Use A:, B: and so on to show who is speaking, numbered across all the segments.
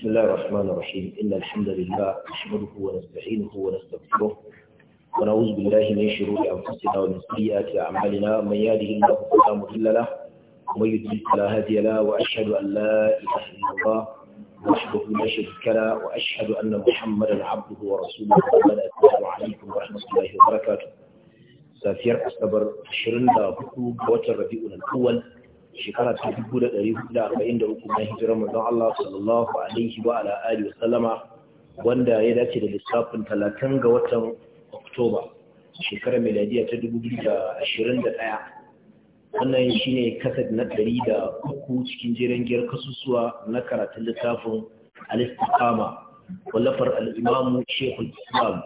A: بسم الله الرحمن الرحيم إن الحمد لله نحمده ونستعينه ونستغفره ونعوذ بالله من شرور أنفسنا ومن سيئات أعمالنا من يهده الله فلا مضل له ومن يضلل فلا هادي له وأشهد أن لا إله إلا الله وحده لا شريك له وأشهد أن محمدا عبده ورسوله السلام عليكم ورحمة الله وبركاته سافر أصبر شرنا بكو بوتر ربيعنا الأول shekara ta dubu da ɗari hudu da arba'in da uku na hijirar manzon Allah sallallahu alaihi wa ala alihi wa sallama wanda ya dace da lissafin talatin ga watan Oktoba shekarar miladiya ta dubu biyu da ashirin da ɗaya wannan ne kasad na ɗari da uku cikin jerin giyar kasusuwa na karatun littafin al-istiqama wallafar al-imamu islam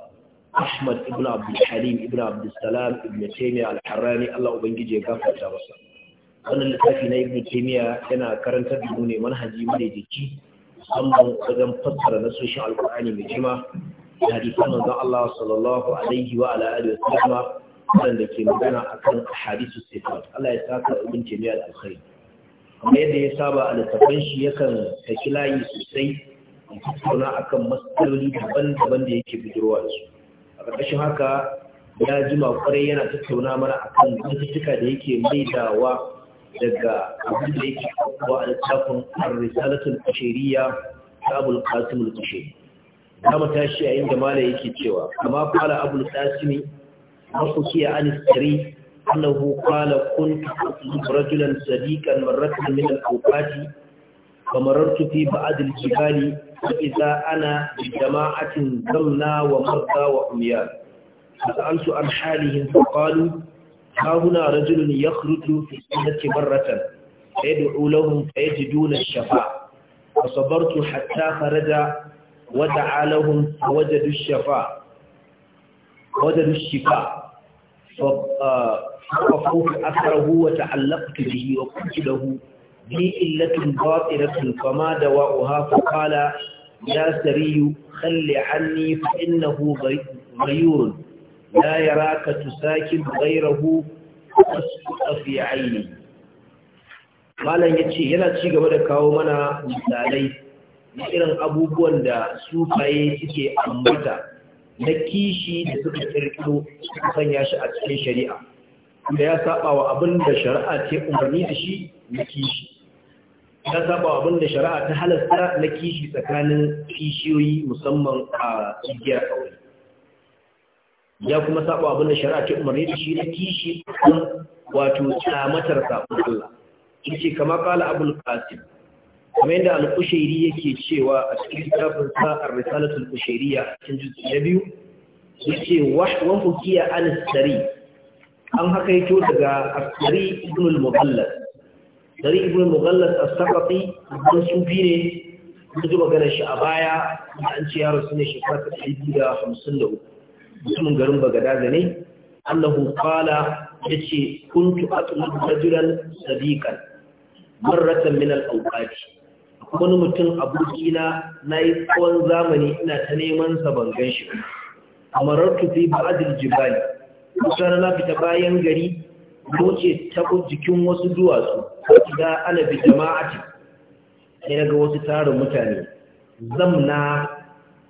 A: Ahmad ibn Abdul Halim ibn Abdul Salam ibn Taymiyyah al-Harrani Allah ubangije ya gafarta masa wannan littafi na ibnu taymiya yana karantar da mu ne manhaji mai jiki musamman wajen fassara nasoshin alkur'ani mai jima da hadisan manzon Allah sallallahu alaihi wa ala alihi wasallam wanda ke magana akan hadisu sifat Allah ya saka ibn taymiya da alkhairi amma yadda ya saba a littafin shi yakan saki layi sosai ya tattauna akan matsaloli daban-daban da yake bijirwa da su a ƙarƙashin haka ya jima kwarai yana tattauna mana akan cututtuka da yake maidawa daga abin da yake kuwa a littafin arrisalatul kashiriya ta abul kasimul kashiri kama tashi a inda Malam yake cewa amma fara abul kasimi mafuki a anistari annahu qala kuntu aslubu rajulan sadiqan marratan min al-awqati fa marartu fi ba'd al-jibali فإذا أنا بجماعة ذمنا ومرضى وعميان فسألت عن حالهم فقالوا ha huna rajulun yakhruju fi sunnati marratan yad'u lahum fayajiduna ash-shafa wa sabartu hatta faraja wa ta'alahum wajadu ash-shafa wajadu ash-shifa فوق أثره وتعلقت به وقلت له لي إلة باطرة فما دواؤها فقال يا سري kalli hannu فإنه bayurun. la yaraka tusakin ghayrahu tasqa fi aini malam yace yana ci da kawo mana misalai na irin abubuwan da sufaye suke ambata na kishi da suka kirkiro suka sanya shi a cikin shari'a da ya saba wa abin da shari'a ce umarni da shi na kishi ya saba wa abin da shari'a ta halasta na kishi tsakanin kishiyoyi musamman a igiyar aure ya kuma saba abin da shari'a ta umarni da shi na kishi kun wato kyamatar sabon Allah yace kama kala abul qasim kamar yadda al-kushairi yake cewa a cikin kitabun sa ar-risalatu al-kushairiyya cikin juz'i na biyu yace wa hukiya al-sari an haka yato daga asari ibn al-mughallas sari ibn al-mughallas as-saqafi dan sufi ne duk magana shi a baya an ce yaro su ne shekara 253 mutumin garin bagadaza ne annahu qala yace kuntu atlubu rajulan sadiqan marratan min al-awqati wani mutum abokina nayi tsawon zamani ina ta neman sa ban gan shi ba fi ba'dil jibali Kusana na fita bayan gari wuce ta jikin wasu duwatsu da ana bi jama'ati sai ga wasu tarin mutane zamna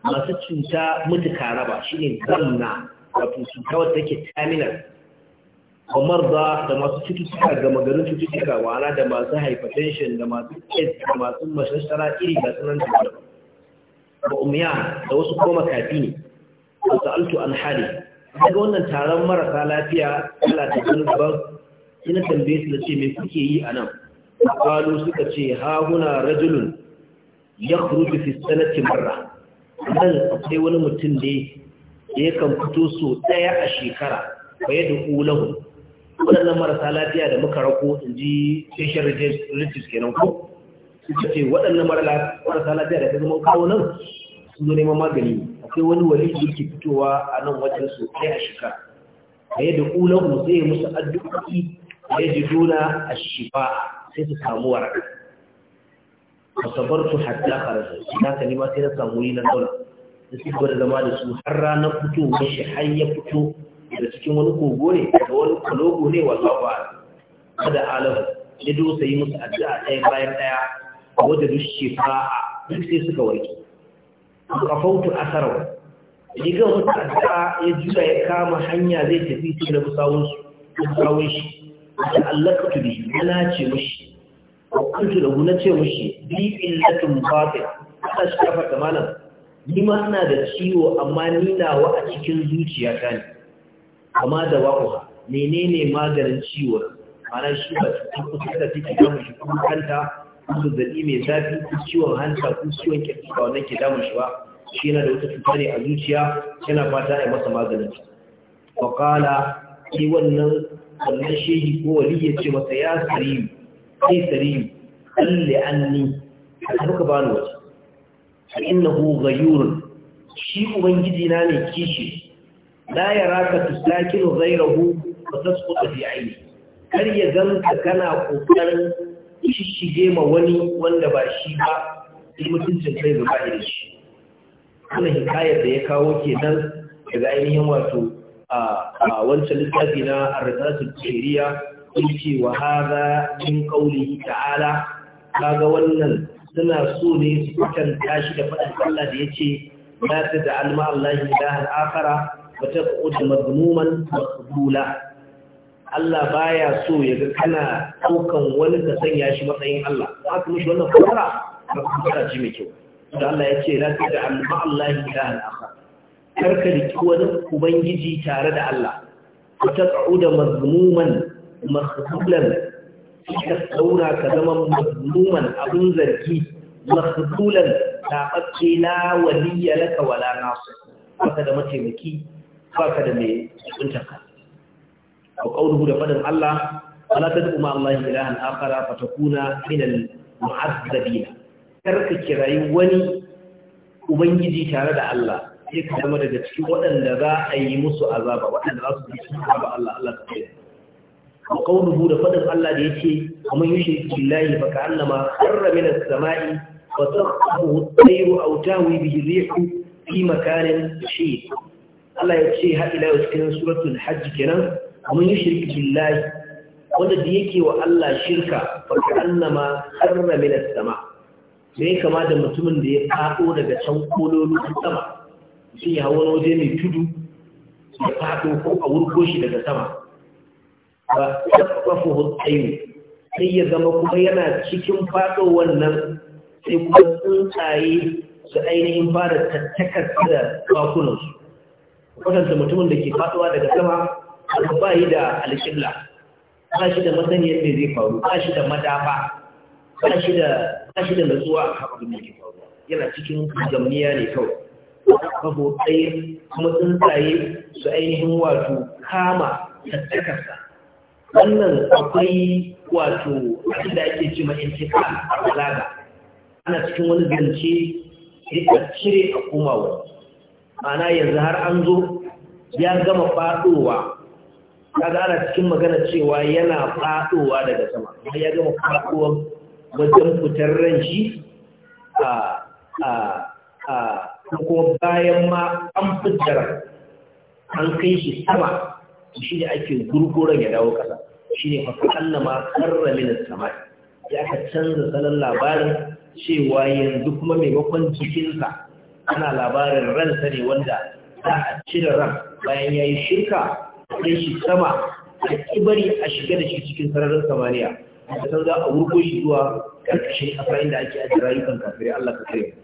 A: masu cuta mutuka raba shi ne zamna da cuta take terminal kamar da da masu cututtuka ga magarin cututtuka wa'ana da masu hypertension da masu kes da masu mashashara iri ga sanar da ba umiya da wasu kuma makafi ne da sa'altu an hali daga wannan taron marasa lafiya ala ta gani gaban ina tambaye su da ce me kuke yi a nan kalu suka ce ha huna rajulun ya fi sanati marra nan akwai wani mutum ne ya kan fito so ɗaya a shekara bai da ƙulahu waɗannan marasa lafiya da muka rako in ji patient relatives kenan ko Su ce waɗannan marasa lafiya da ta zama kawo nan su zo neman magani akwai wani wali da yake fitowa a nan wajen so ɗaya a shekara bai da ƙulahu sai ya musu addu'o'i ya ji dona a shifa sai su samu waraka wasabartu hatta kharaja idan ka sai na samu yi na zauna da su gwada zama da su har ranar fitowar shi har fito daga cikin wani kogo ne wani kalogo ne wallahu ba kada alahu ya dosa yi musu addu'a ɗaya bayan ɗaya wadda duk shefa'a duk sai suka warke kafautu asarau rigar wata addu'a ya juya ya kama hanya zai tafi su da musawun shi da allaka tudi ya nace mushi kuntu da na ce mushi bi illatin batil ana shi ta malam ni ma da ciwo amma ni a cikin zuciya ne amma da wa'uha menene maganin ciwo ana shi ba cikin kusa da take damun shi kuma kanta ko mai zafi ko ciwon hanta ko ciwon kirki ba wannan ke damun ba shi yana da wata cuta ne a zuciya yana fata a masa maganin ta fa qala wannan wannan shehi ko wali ya ce masa ya sarim sai sariyu tsalle anni a muka bani waje a inna hu gayurun shi ubangiji na ne kishi Na ya raka tuslakinu zairahu ba ta su fi aini kar ya zanta kana kokarin shishige ma wani wanda ba shi ba sai mutuncin sai zuba irin shi wannan hikayar da ya kawo kenan daga ainihin wato a wancan littafi na arzasul kiriya yace wa hadha min qawlihi ta'ala kaga wannan suna so ne su kwatanta tashi da faɗin Allah da yace la tad'al ma Allah ilahan akhara wa taqud madmuman maqbula Allah baya so ya ga kana daukan wani ka sanya shi matsayin Allah haka mushi wannan fara ba fara ji mai kyau da Allah yace la tad'al ma Allah ilahan akhara karka riki wani ubangiji tare da Allah wa taqud madmuman makhdulan ka zauna ka zama mazmuman abin zargi makhdulan tabacce na waliya laka wala nasir baka da mataimaki baka da mai tsuntarka ko kauluhu da fadin Allah wala tad'u ma Allah ilahan akhara fatakuna min al-mu'azzabina karka kirayi wani ubangiji tare da Allah sai ka zama daga cikin waɗanda za a yi musu azaba waɗanda za su yi azaba Allah Allah ka kai wa qawluhu da fadin Allah da yake kuma yushi billahi fa ka'annama harra min as-sama'i wa tasquhu at-tayru aw tawi bihi rihu fi makanin shi Allah ya ce ha ila cikin suratul hajj kenan kuma yushi billahi wanda da yake wa Allah shirka fa ka'annama harra min as-sama' sai kama da mutumin da ya fado daga can kololu sama shi ya wani waje mai tudu ya fado ko a wurko shi daga sama ba tabbafuhu tsayu sai ya zama kuma yana cikin faɗo wannan sai kuma tsuntsaye su ainihin fara tattakar da bakunansu kwatanta mutumin da ke faɗuwa daga sama abu ba yi da alƙibla ba shi da masaniyar da zai faru ba shi da madafa ba shi da natsuwa a abin da ke faru. yana cikin gamniya ne kawai babu tsaye kuma tsuntsaye su ainihin wato kama tattakarsa wannan akwai wato abin da ake ce mai intika a balaga ana cikin wani zance rika cire a komawa Mana ma'ana yanzu har an zo ya gama fadowa. kaga ana cikin magana cewa yana fadowa daga sama kuma ya gama fadowa wajen fitar ran shi a a a kuma bayan ma an fitar an kai shi sama shi ne ake gurguran ya dawo kasa. shine fa annama karra min sama ya aka canza salon labarin cewa yanzu kuma maimakon jikinsa ana labarin ransa ne wanda za a cire ran bayan ya yi shirka Ya shi sama a kibari a shiga da shi cikin sararin samaniya da sau za a wurgo shi zuwa ƙarƙashin ƙasa inda ake ajiye rayukan kafirai Allah ka kare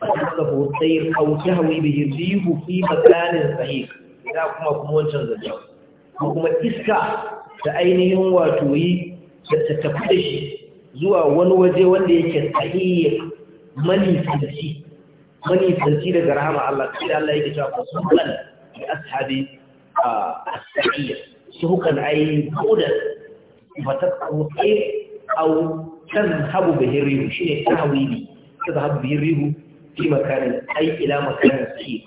A: fasaka ko sai kauce hawi da yirzihu fi makanin sahi. da kuma kuma wancan zancen kuma iska ta ainihin wato yi da tafi da shi zuwa wani waje wanda yake sahiya manisanci manisanci daga rahama Allah sai Allah yake cewa kusuran bi ashabi as-sa'iyya suhukan ai buda fa taqu khay aw tanhabu bihi rihu shine tahwili tadhhabu bihi rihu fi makanin ai ila makanin sahih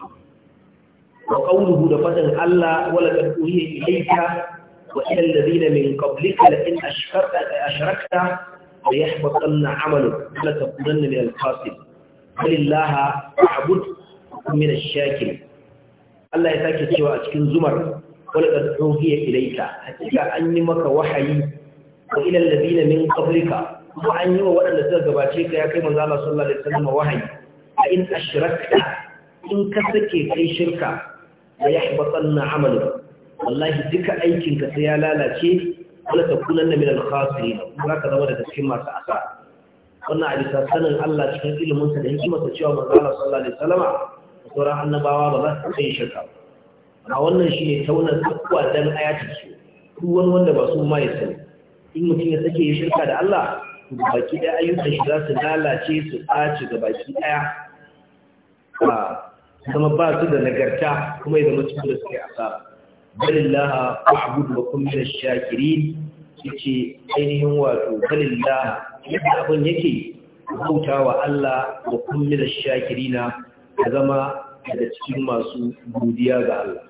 A: wa qawluhu da fadan Allah wala qad uhiya ilayka وإلى الذين من قبلك لئن أشركت ليحبطن عملك ولتكونن من الخاسرين ولله أعبد من الشاكر Allah ya sake cewa a cikin zumar wani ƙarfin hiya ilaika hakika an yi maka wa ilal ladina min qablika kuma an wa waɗanda suka gabace ka ya kai manzo Allah sallallahu alaihi wahayi a in ka sake kai shirka la wallahi duka aikinka sai ya lalace wala takunan na minal khasirin Za ka zama daga cikin masu asa wannan a bisa sanin Allah cikin iliminsa da ta cewa manzo Allah sallallahu alaihi salama? da sauran annabawa ba za su tsaye shirka a wannan ne taunar takwa dan ayatin su duk wani wanda ba su ma ya sani in mutum ya sake shirka da Allah baki ɗaya ayyukan shi za su lalace su ɓaci ga baki ɗaya zama ba su da nagarta kuma ya zama cikin da suke asara balillaha wa'bud wa kun min shakirin yace ainihin wato balillaha yadda yake bautawa Allah wa kun min ash-shakirina ya zama daga cikin masu godiya ga Allah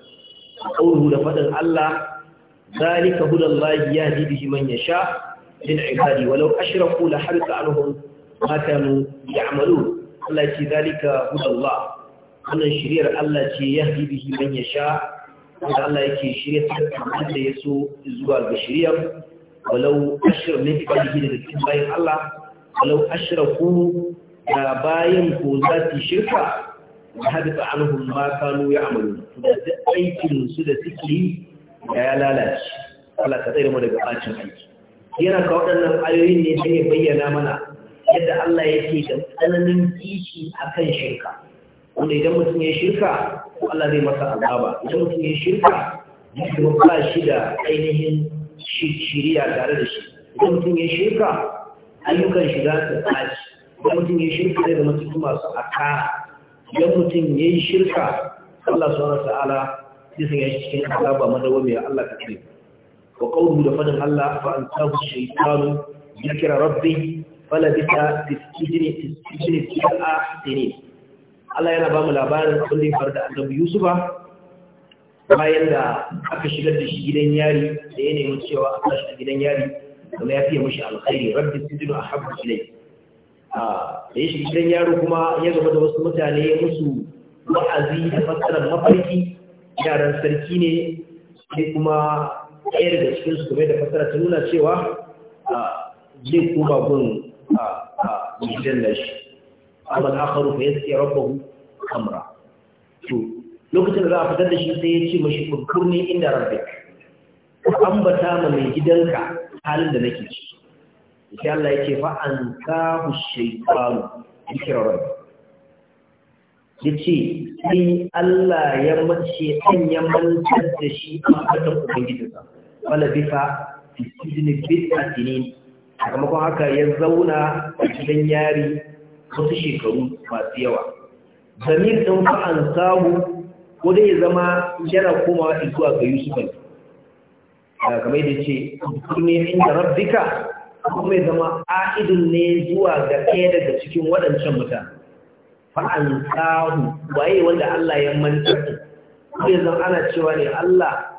A: qawluhu da fadin Allah zalika hudallahi yahdi bihi man yasha min ibadi walau ashraku la harika anhum ma kanu ya'malun Allah ce zalika hudallah wannan shiriyar Allah ce yahdi bihi man yasha wanda Allah yake shirya ta kamar da ya so zuwa ga shirya walau ashir min ibadihi da cikin bayan Allah walau ashraku da bayan ko za su shirka da hadita anhum ma kanu ya'malu da aikin su da suke yi da ya lalace Allah ka tsare mu daga bacin aiki yana ka waɗannan ayoyin ne sai ya bayyana mana yadda Allah yake da tsananin kishi akan shirka wanda idan mutum ya shirka ko Allah zai masa azaba idan mutum ya shirka kuma ba shi da ainihin shiriya tare da shi idan mutum ya shirka ayyukan shi za su tsaci idan mutum ya shirka zai zama cikin masu aka idan mutum ya yi shirka Allah subhanahu ta'ala zai sanya shi cikin azaba madawwamiya Allah ka ce wa qawluhu da fadin Allah fa antahu shaytanu ذكر ربه فلبث في السجن في السجن تسع Allah yana ba mu labarin abin da ya faru da annabi Yusufa bayan da aka shigar da shi gidan yari da ya nemi cewa a tashi a gidan yari kuma ya fiye mashi alkhairi rabbi sidinu a Habu Filai. Ah, da ya shiga gidan yaro kuma ya gaba da wasu mutane musu wa'azi da fassarar mafarki yaran sarki ne sai kuma ɗaya daga cikin su kuma da fassara ta nuna cewa ah, zai kuma gun ah, gidan da shi amma al-akharu fa yasqi rabbahu khamra lokacin da za a fitar da shi sai ya ce mashi kurkurni inda rabbik ambata ma mai gidanka halin da nake ci insha Allah yake fa an kahu shaytanu zikra rabbi yace sai Allah ya mace an ya mantar da shi ambatan ubangijinsa wala bifa fi sijni bid'atin sakamakon haka ya zauna a gidan yari wasu shekaru masu yawa zamir ɗin fa'an samu ko dai zama yana komawa zuwa ga yusuf ne kamar da ce ne inda rabbika kuma zama a'idun ne zuwa ga ɗaya daga cikin waɗancan mutane fa'an samu waye wanda Allah ya manta ko yanzu ana cewa ne Allah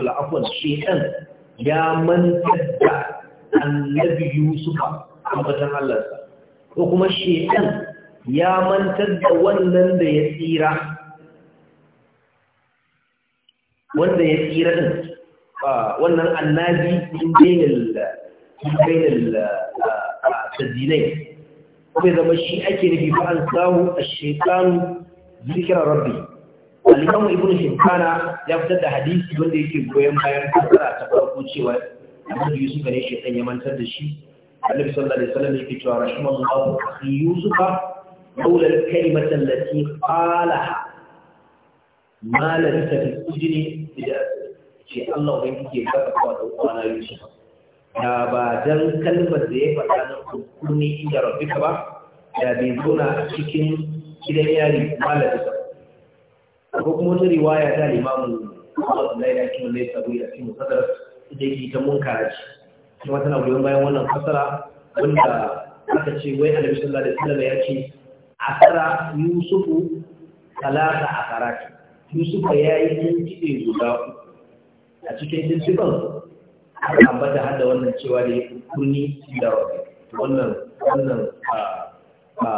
A: al'afon shekan ya manta da annabi yusufa a matan Allah ko kuma shekan ya mantar da wannan da ya tsira wanda ya tsira din wannan annabi in bainal kuma zama shi ake nufi fa an samu ash-shaytanu zikra rabbi al-imam ibnu hibbana ya fitar da hadisi wanda yake goyon bayan fasara ta farko cewa Abu Yusuf ne shaytan ya mantar da shi النبي صلى الله عليه وسلم يقول رحم الله أخي يوسف قول الكلمة التي قالها ما لبث في السجن بدأت شيء الله بينك يكفى وأنا يوسف da ba don kalmar da ya faɗa na kurkuni inda rafika ba da bai zuna a cikin gidan yari malabi ko kuma wata riwaya ta limamu Allah da ya dace mai tsaro da cikin ta munkara ce kuma tana goyon bayan wannan fasara wanda aka ce wai annabi sallallahu alaihi wasallam ya ce asara yusufu talata akarati yusufu yayi tinkibe guda a cikin tinkiban aka ambata hada wannan cewa da ya kunni da wannan wannan a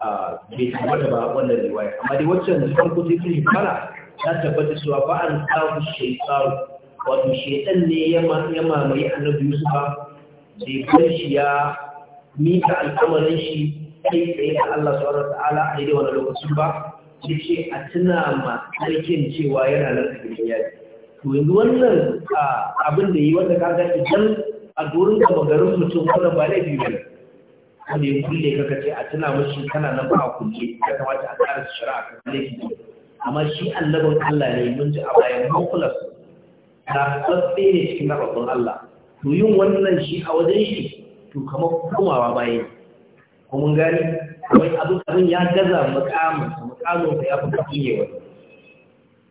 A: a bai tabbata ba wannan riwaya amma dai waccan farko sai kun fara ta tabbata cewa ba an samu shaytan wato shedan ne ya mamaye annabi yusufa bai bar shi ya mika al'amarin shi kai tsaye da Allah subhanahu ta'ala a daidai wani lokacin ba ya ce a tuna ma cewa yana nan da gidan yaki to yanzu wannan abin da yi wanda kaga idan a gurin da magarin mutum wanda ba laifi ba wanda ya kulle kaka ce a tuna mashi kana nan ba a kulle ya kamata a tsara su a kan laifi amma shi annabin Allah ne mun ji a bayan makulas tafatsatse ne cikin rabon Allah to yin wannan shi a wajen shi to kamar komawa baya ko mun gani wai abin abin ya gaza makamin sa makamin sa ya fi kafin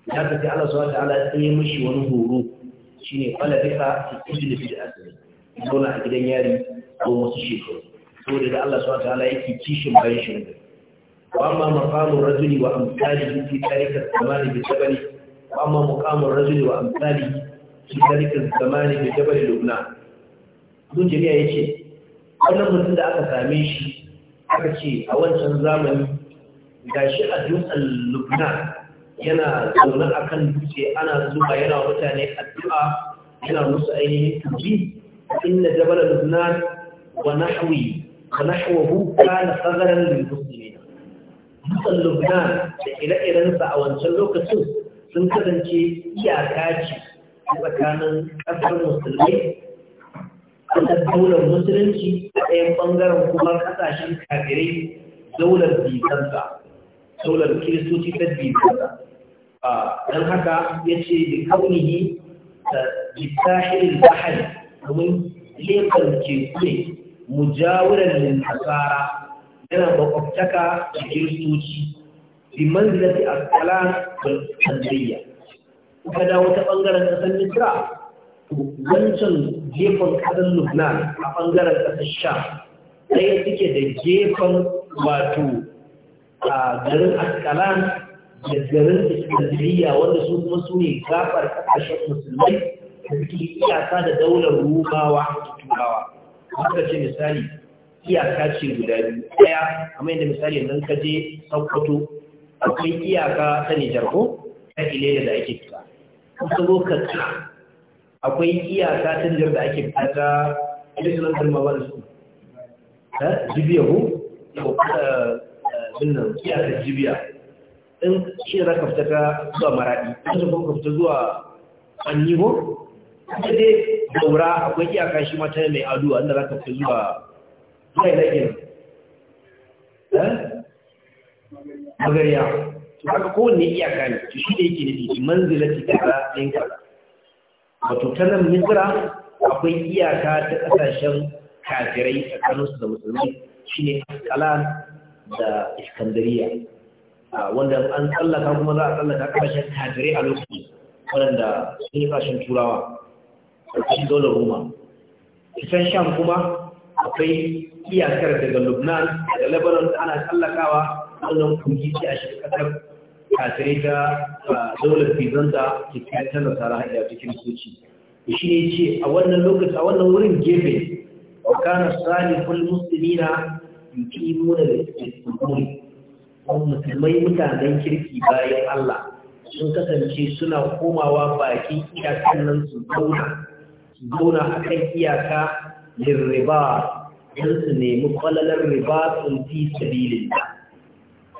A: ya tafi Allah subhanahu wa ta'ala sai mishi wani horo shine fala bisa tijil fi asri dole a gidan yari ko wasu shekaru saboda da Allah subhanahu wa ta'ala yake kishin bayan shi ne واما مقام الرجل وامثاله في تاريخ الزمان بالجبل واما مقام الرجل وامثاله fi zalika zamani bi jabal lubna ibn jami'a yace wannan mutum da aka same shi aka ce a wancan zamani gashi a dutsen lubnan yana zaune akan dutse ana zuba yana mutane addu'a yana musu ainihin tuji inna jabal lubnan wa nahwi wa nahwahu kana sadaran lil dutsen lubna da ire-irensa a wancan lokacin sun kasance iyaka ce tsakanin ƙasar musulmai ƙasar daular musulunci a ɗayan ɓangaren kuma ƙasashen kafirai daular bizanta daular kiristoci ta bizanta don haka ya ce da kaunihi da jitahirin bahari domin lebar teku ne mujawirar nasara yana makwabtaka da kiristoci bi manzilati a kala da ka dawo ta ɓangaren ƙasar Misra, wancan gefen ƙasar Lubnan a ɓangaren ƙasar Sha, ɗaya suke da gefen wato a garin Askalan da garin Iskandariya wanda su kuma su ne gafar ƙasashen musulmai da suke iyaka da daular Rumawa da Turawa. Haka ce misali, iyaka ce guda biyu, ɗaya, kamar yadda misali nan ka je Sokoto, akwai iyaka ta Nijar ko ta Ile da ake fita. kusa lokaci akwai iyaka ta da ake bukata ilisnan kalmabar su ta jibiya hu ko kusa eh, eh, sunan iyakar jibiya in shi za ka fita ta zuwa maradi ta zuwa ka fita zuwa anyi ho ta dai daura akwai iyaka shi mata mai adu wanda za ka fita zuwa zuwa ta eh? magariya to haka kowanne iyaka ne to shi da yake nufi manzilati kaza ɗin kaza wato ta nan misra akwai iyaka ta ƙasashen kafirai tsakaninsu da musulmi shine kala da iskandariya wanda an tsallaka kuma za a tsallaka kasashen kafirai a lokaci waɗanda sun yi ƙasashen turawa a cikin zaune roma kisan sham kuma akwai iyakar daga lubnan da lebanon ana tsallakawa wannan kungiyar a shi ƙasar kafirai ta daular fizanta ke kai ta nasara hanyar cikin soci shi ne ce a wannan lokaci a wannan wurin gefe wa kana salihul muslimina yuqimuna al-istiqamah musulmai mutanen kirki bayan Allah sun kasance suna komawa bakin iyakan nan su zauna su zauna a kan iyaka lirriba don su nemi kwalalar riba sun fi sabilin da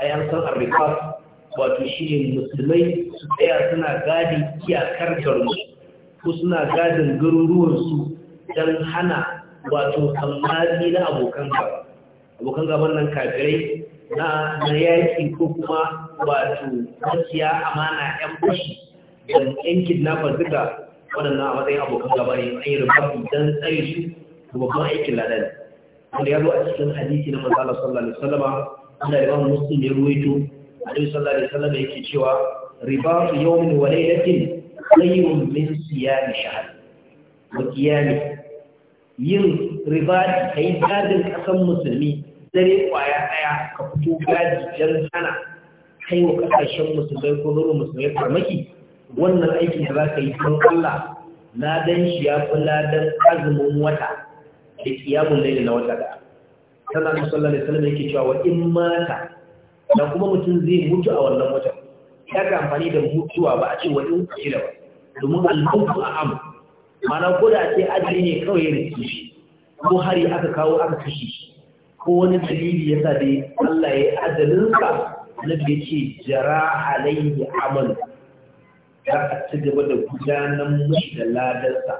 A: ayan san arriba wato shi ne musulmai su tsaya suna gadi iyakar garinsu ko suna gadin garuruwarsu don hana wato kammali na abokan gaba abokan gaban nan kafirai na na yaƙi ko kuma wato gaskiya amana yan fashi don yan kidnapper duka waɗannan a matsayin abokan gaba ne an yi rubabu don tsare su da babban aikin ladan wanda ya zo a cikin hadisi na manzala sallallahu alaihi wasallama wanda ba muslim ya ruwaito alaihi sallallahu alaihi wasallam yake cewa ribatu yawmin wa laylatin khayrun min siyam shahr wa qiyam yin ribati kai gadin kasan musulmi dare kwaya daya ka fito gadi jan sana kai wa kasashen musulmai ko nuru musulmai farmaki wannan aikin da za ka yi don Allah dan shi ya fi ladan azumin wata da kiyamun laili na wata da sannan musallar da yake cewa wa in mata dan kuma mutum zai mutu a wannan watan ya ga amfani da mutuwa ba a ce wani in da ba domin al mutu a'am mana ko da ce ajali ne kawai ya rikici shi ko hari aka kawo aka kashe shi ko wani dalili ya sa dai Allah ya ajalin ka nabi ya ce jara alaihi amal za ci gaba da gudanar mashi da ladarsa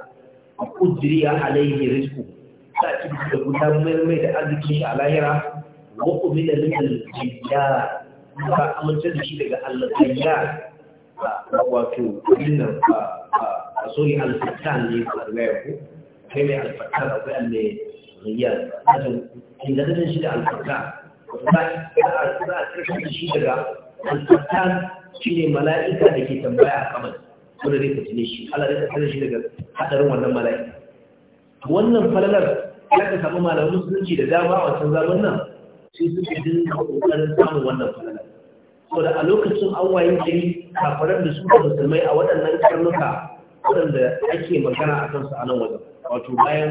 A: a kudiriya alaihi rizqu za ci gaba da gudanar mai da arzikin shi a lahira wa umila min al-jiyar ba amince da shi daga Allah al-jiyar wato dinnan a sori al-fatan ne a riwaya ko, kai mai al-fatan akwai al-mai riyar ajin ingantaccen shi da al-fatan za a karshen shi daga al-fatan shi mala'ika da ke tambaya a kamar wanda zai fitine shi Allah zai tsare shi daga hadarin wannan mala'ika wannan falalar ya ka samu malamin musulunci da dama a wancan zaman nan sai suke dinga samun wannan falala da a lokacin an waye gari kafaran da su musulmai a waɗannan karnuka waɗanda ake magana a kansu a nan wajen wato bayan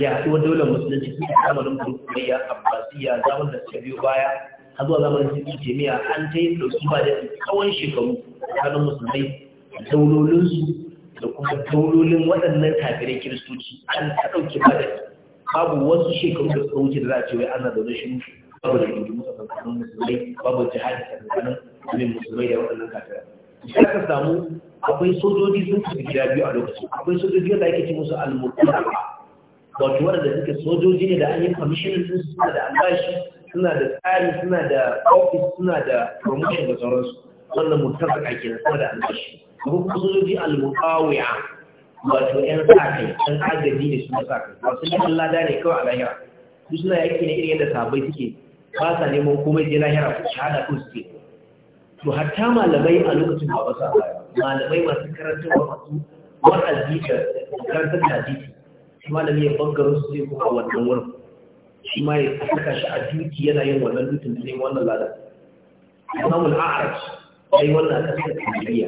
A: yaduwar daular musulunci suke zamanin burkumaiya abbasiya zaman da suka biyo baya har zuwa zamanin cikin jami'a an ta yi ɗauki ba da tsawon shekaru tsakanin musulmai da daulolinsu da kuma taulolin waɗannan kafirai kiristoci an ta ɗauki ba da babu wasu shekaru da suka wuce da za a ce wai ana zaune shi babu da gidi musa tsakanin musulmai babu jihadi tsakanin amin musulmai da waɗannan kafira. sai aka samu akwai sojoji sun tafi gida biyu a lokaci. akwai sojoji wanda ake ce musu almukuna wato waɗanda suke sojoji ne da an yi kwamishinan sun suna da albashi suna da tsari suna da ofis suna da promotion da sauransu wannan mutum a kenan suna da albashi akwai kuma sojoji almukawiya wato ‘yan sa-kai ɗan agaji ne suna sa-kai wasu neman lada ne kawai a lahira su suna yake ne irin yadda sabai suke ba sa neman komai je lahira ko shahada ko suke to hatta malamai a lokacin ba wasu a malamai masu karantar wa masu wa'azi da karantar da hadisi shi malami ya bangaro su zai kuma wannan wurin shi ma ya saka shi a duki yana yin wannan dukin da neman wannan lada imamul a'araj sai wannan kasar tarbiyya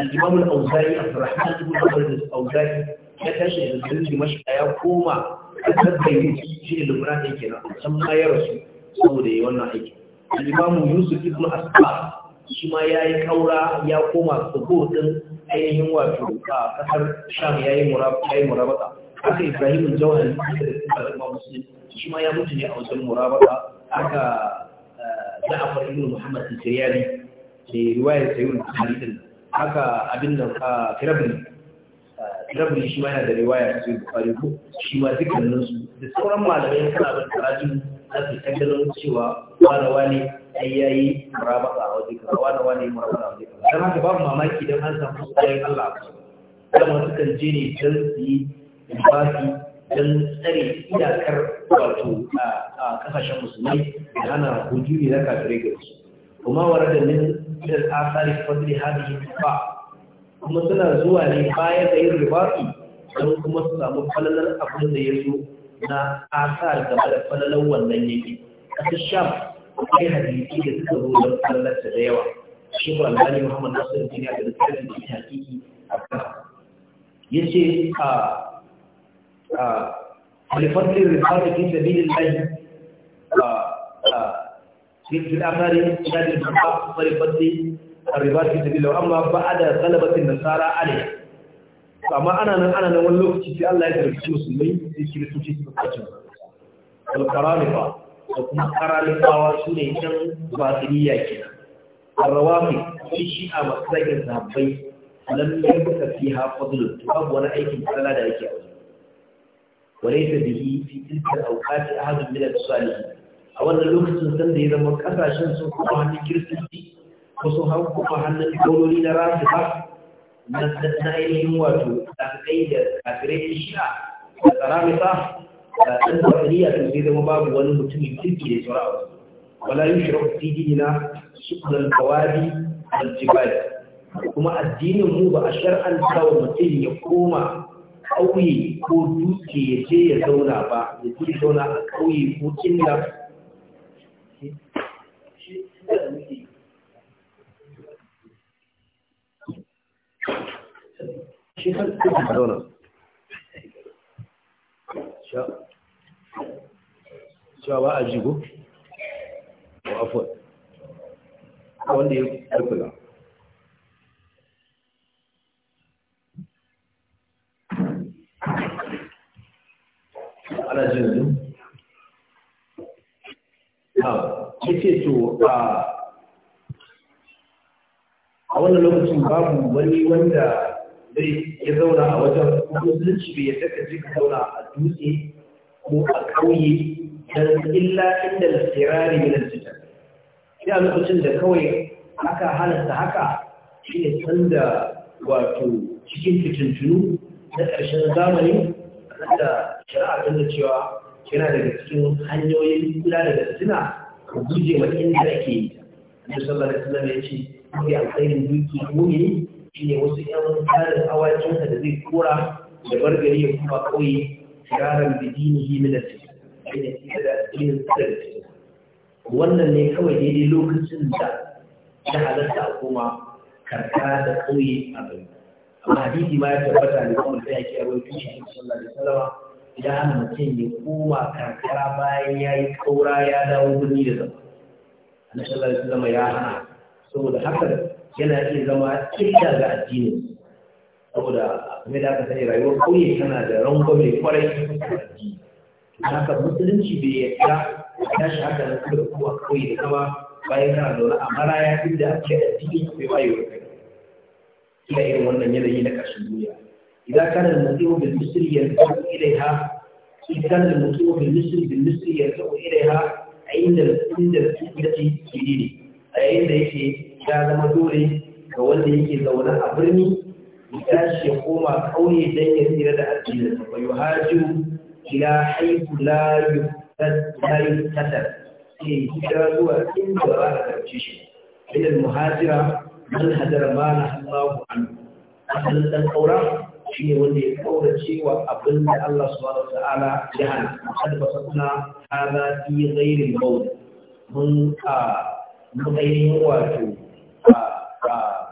A: الإمام الأوزاعي عبد الرحمن بن عمر الأوزاعي ya tashi da garin Dimashq ya koma kasar Beirut shi da yake na san ma ya rasu saboda yayi wannan aiki Al-Imam Yusuf ibn Asbah shi ma yayi kaura ya koma Subo din ainihin wato a kasar Sham yayi murabata yayi murabata haka Ibrahim Jawhari da Imam Muslim shi ma ya mutu ne a wajen murabata haka Ja'far ibn Muhammad al-Sayyari da riwayar Sayyid al haka abin da firabin ah, firabin ah, shi ma yana da riwaya ta sai bukari ko shi ma su. da sauran malamai suna bin tarajin za su tangalin cewa wani wani ayyayi yayi murabaka a waje kaza wani wani murabaka a waje kaza dan haka babu mamaki don an samu tsayin Allah a kusa kuma sukan je ne don su yi ibasi don tsare iyakar wato a ah, kasashen musulmai da ana hujuri na kafirai ga su kuma warada min ilal asari fadli hadihi ba kuma suna zuwa ne bayan da yin ribati don kuma su samu falalar abin da ya zo na asar game da falalar wannan yake kasar sham akwai hadisi da suka zo don falalarta da yawa shekwa albani muhammad nasiru jiniya da littafin da ita a kan ya ce a alifadlin ribati fi sabilillahi في الأمر إلى المحاق فرفضي الرباط في سبيل الله أما بعد غلبة النصارى عليه فما أنا أنا أنا نقول لك في الله يدرك شو سمي في كل شيء سبحانه والقرانقة وكما قرانقة وسنة باطنية كنا الروافي في شيء مسجد ذهبي لم يبقى فيها فضل تقاب ولا أي كمثال هذا يكي وليس به في تلك الأوقات أحد من الصالحين a wannan lokacin sanda ya zama kasashen sun kuma hannun kiristoci wasu har kuma hannun kololi na rasu ba na ainihin wato ɗanɗai da kafirai shi'a da tsaramita da ɗan tsariya sun zai zama babu wani mutumin kirki da saura wasu wala yi shirar fidini na sukunan kawadi aljibali kuma addinin mu ba a shar'anta wa mutum ya koma ƙauye ko dutse ya je ya zauna ba ya je zauna a ƙauye ko kinna shi ba a jigo ko wanda ya kula ana jin to a wannan lokacin babu wani wanda zai ya zauna a wajen musulunci bai ya saka je zauna a dutse ko a kauye dan illa inda lafirari min al-fitan ina lokacin da kawai aka halatta haka shine sanda wato cikin tunu na ƙarshen zamani da shari'a tun da cewa yana daga cikin hanyoyin kula da fitina ka guje wa inda ake yi. Annabi sallallahu alaihi wasallam ya ce, "Ku yi duki mu'mini shi ne wasu ‘yan tsarin awakinsa da zai kora da bargari ya kuma ƙauye yaran bidinihi minati shi ne da addinin tsarki wannan ne kawai daidai lokacin da ta halatta a koma karka da ƙauye a gari amma hadisi ma ya tabbata ne kuma sai ake yaro tun shi sallallahu alaihi wasallam idan ana mutum ya koma karkara bayan ya yi kaura ya dawo birni da zama annabi sallallahu alaihi wasallam ya hana saboda haka yana iya zama illa ga addini saboda kuma da aka sani rayuwar ƙauye tana da rangon rangwame kwarai da addini haka musulunci bai yadda tashi haka na kuma kuma ƙauye da kama bayan kana zaune a maraya inda ake addini bai wayewar kai ila irin wannan yanayi na ƙarshen duniya idan kana da mutum bil misri yanzu ilaiha إذ كان المسلم في المسلم بالمسلم يرجع إليها عند عند الفتنة في دينه عند إيش ya zama dole ga wanda yake zaune a birni ya shi koma kauye don ya tsira da addinin sa bai haihu ila haifu la yuqtatar sai hijira zuwa inda ba a karce shi ila muhajira man hadara ma na ku anhu asalin dan shine wanda ya kaurace cewa abin da Allah subhanahu wataala ya hana kada ba sakuna za fi ghairi mawd mun a ah, mun wato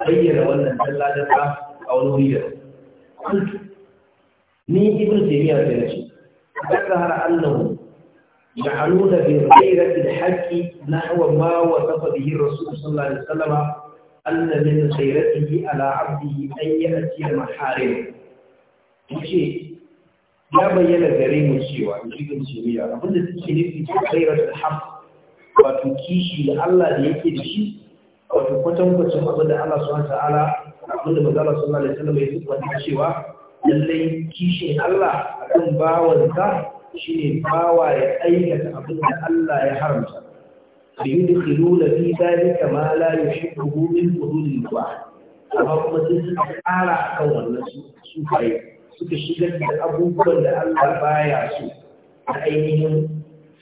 A: bayyana wannan dalla dalla a wani wuri da ni ibn jami'a da nace na annahu يعنون بغيرة الحق نحو ما وصف به الرسول صلى الله عليه وسلم أن من غيرته على عبده أن يأتي محارمه yace ya bayyana gare mu cewa cikin shari'a abinda take nufi da khairat wato kishi da Allah da yake da shi wato kwatankwacin abin da Allah subhanahu ta'ala abin da mazala Allah sallallahu da mai duk tsaya cewa lallai kishin Allah abin bawansa ne bawa ya aikata abin da Allah ya haramta Da في ذلك ما لا يحبه من فضول ba amma kuma sai suka kara a kan wannan su sufaye suka shigar da abubuwan da Allah baya so a ainihin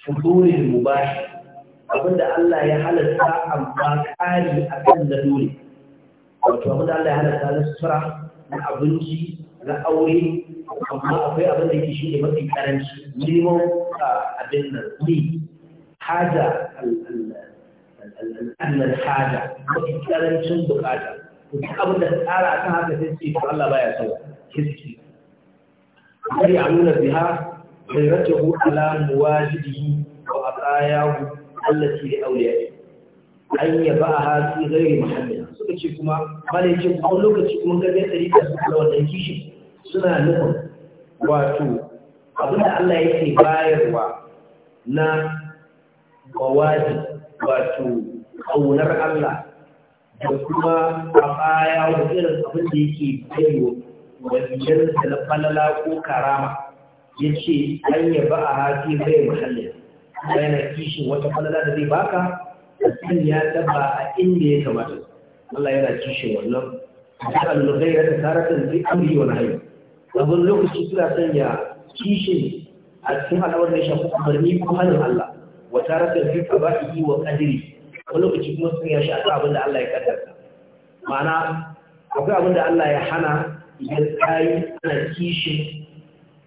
A: fudurin mubashi abinda Allah ya halatta amma kari a kan da dole wato abinda Allah ya halatta na sutura na abinci na aure amma akwai abinda yake shi ne mafi karanci minimum abin nan ne haja annal haja mafi karancin bukata duk abinda tsara kan haka sai ce to Allah baya so kiski kar ya nuna biha غيرته على مواجده وعطاياه allati li awliya an yabaha fi ghairi mahallin suka ce kuma malai ce kuma lokaci kuma ga da tarika su da wannan kishi suna nufin wato abinda Allah yake bayarwa na gawaji wato kaunar Allah da kuma a baya wa irin abin da yake baiwa wajen da na falala ko karama ya ce an yaba a hafi zai muhallin yana kishin wata falala da zai baka a cikin ya taba a inda ya kamata Allah yana kishin wannan da allugai da taratan zai amri wa nahayi abin lokaci suna sanya kishin a cikin al'awar da ya shafi umarni ko hannun Allah wa taratan zai yi wa kadiri wani lokaci kuma sun yashi a abin da Allah ya kaddarta ma'ana akwai abin da Allah ya hana idan kayi ana kishin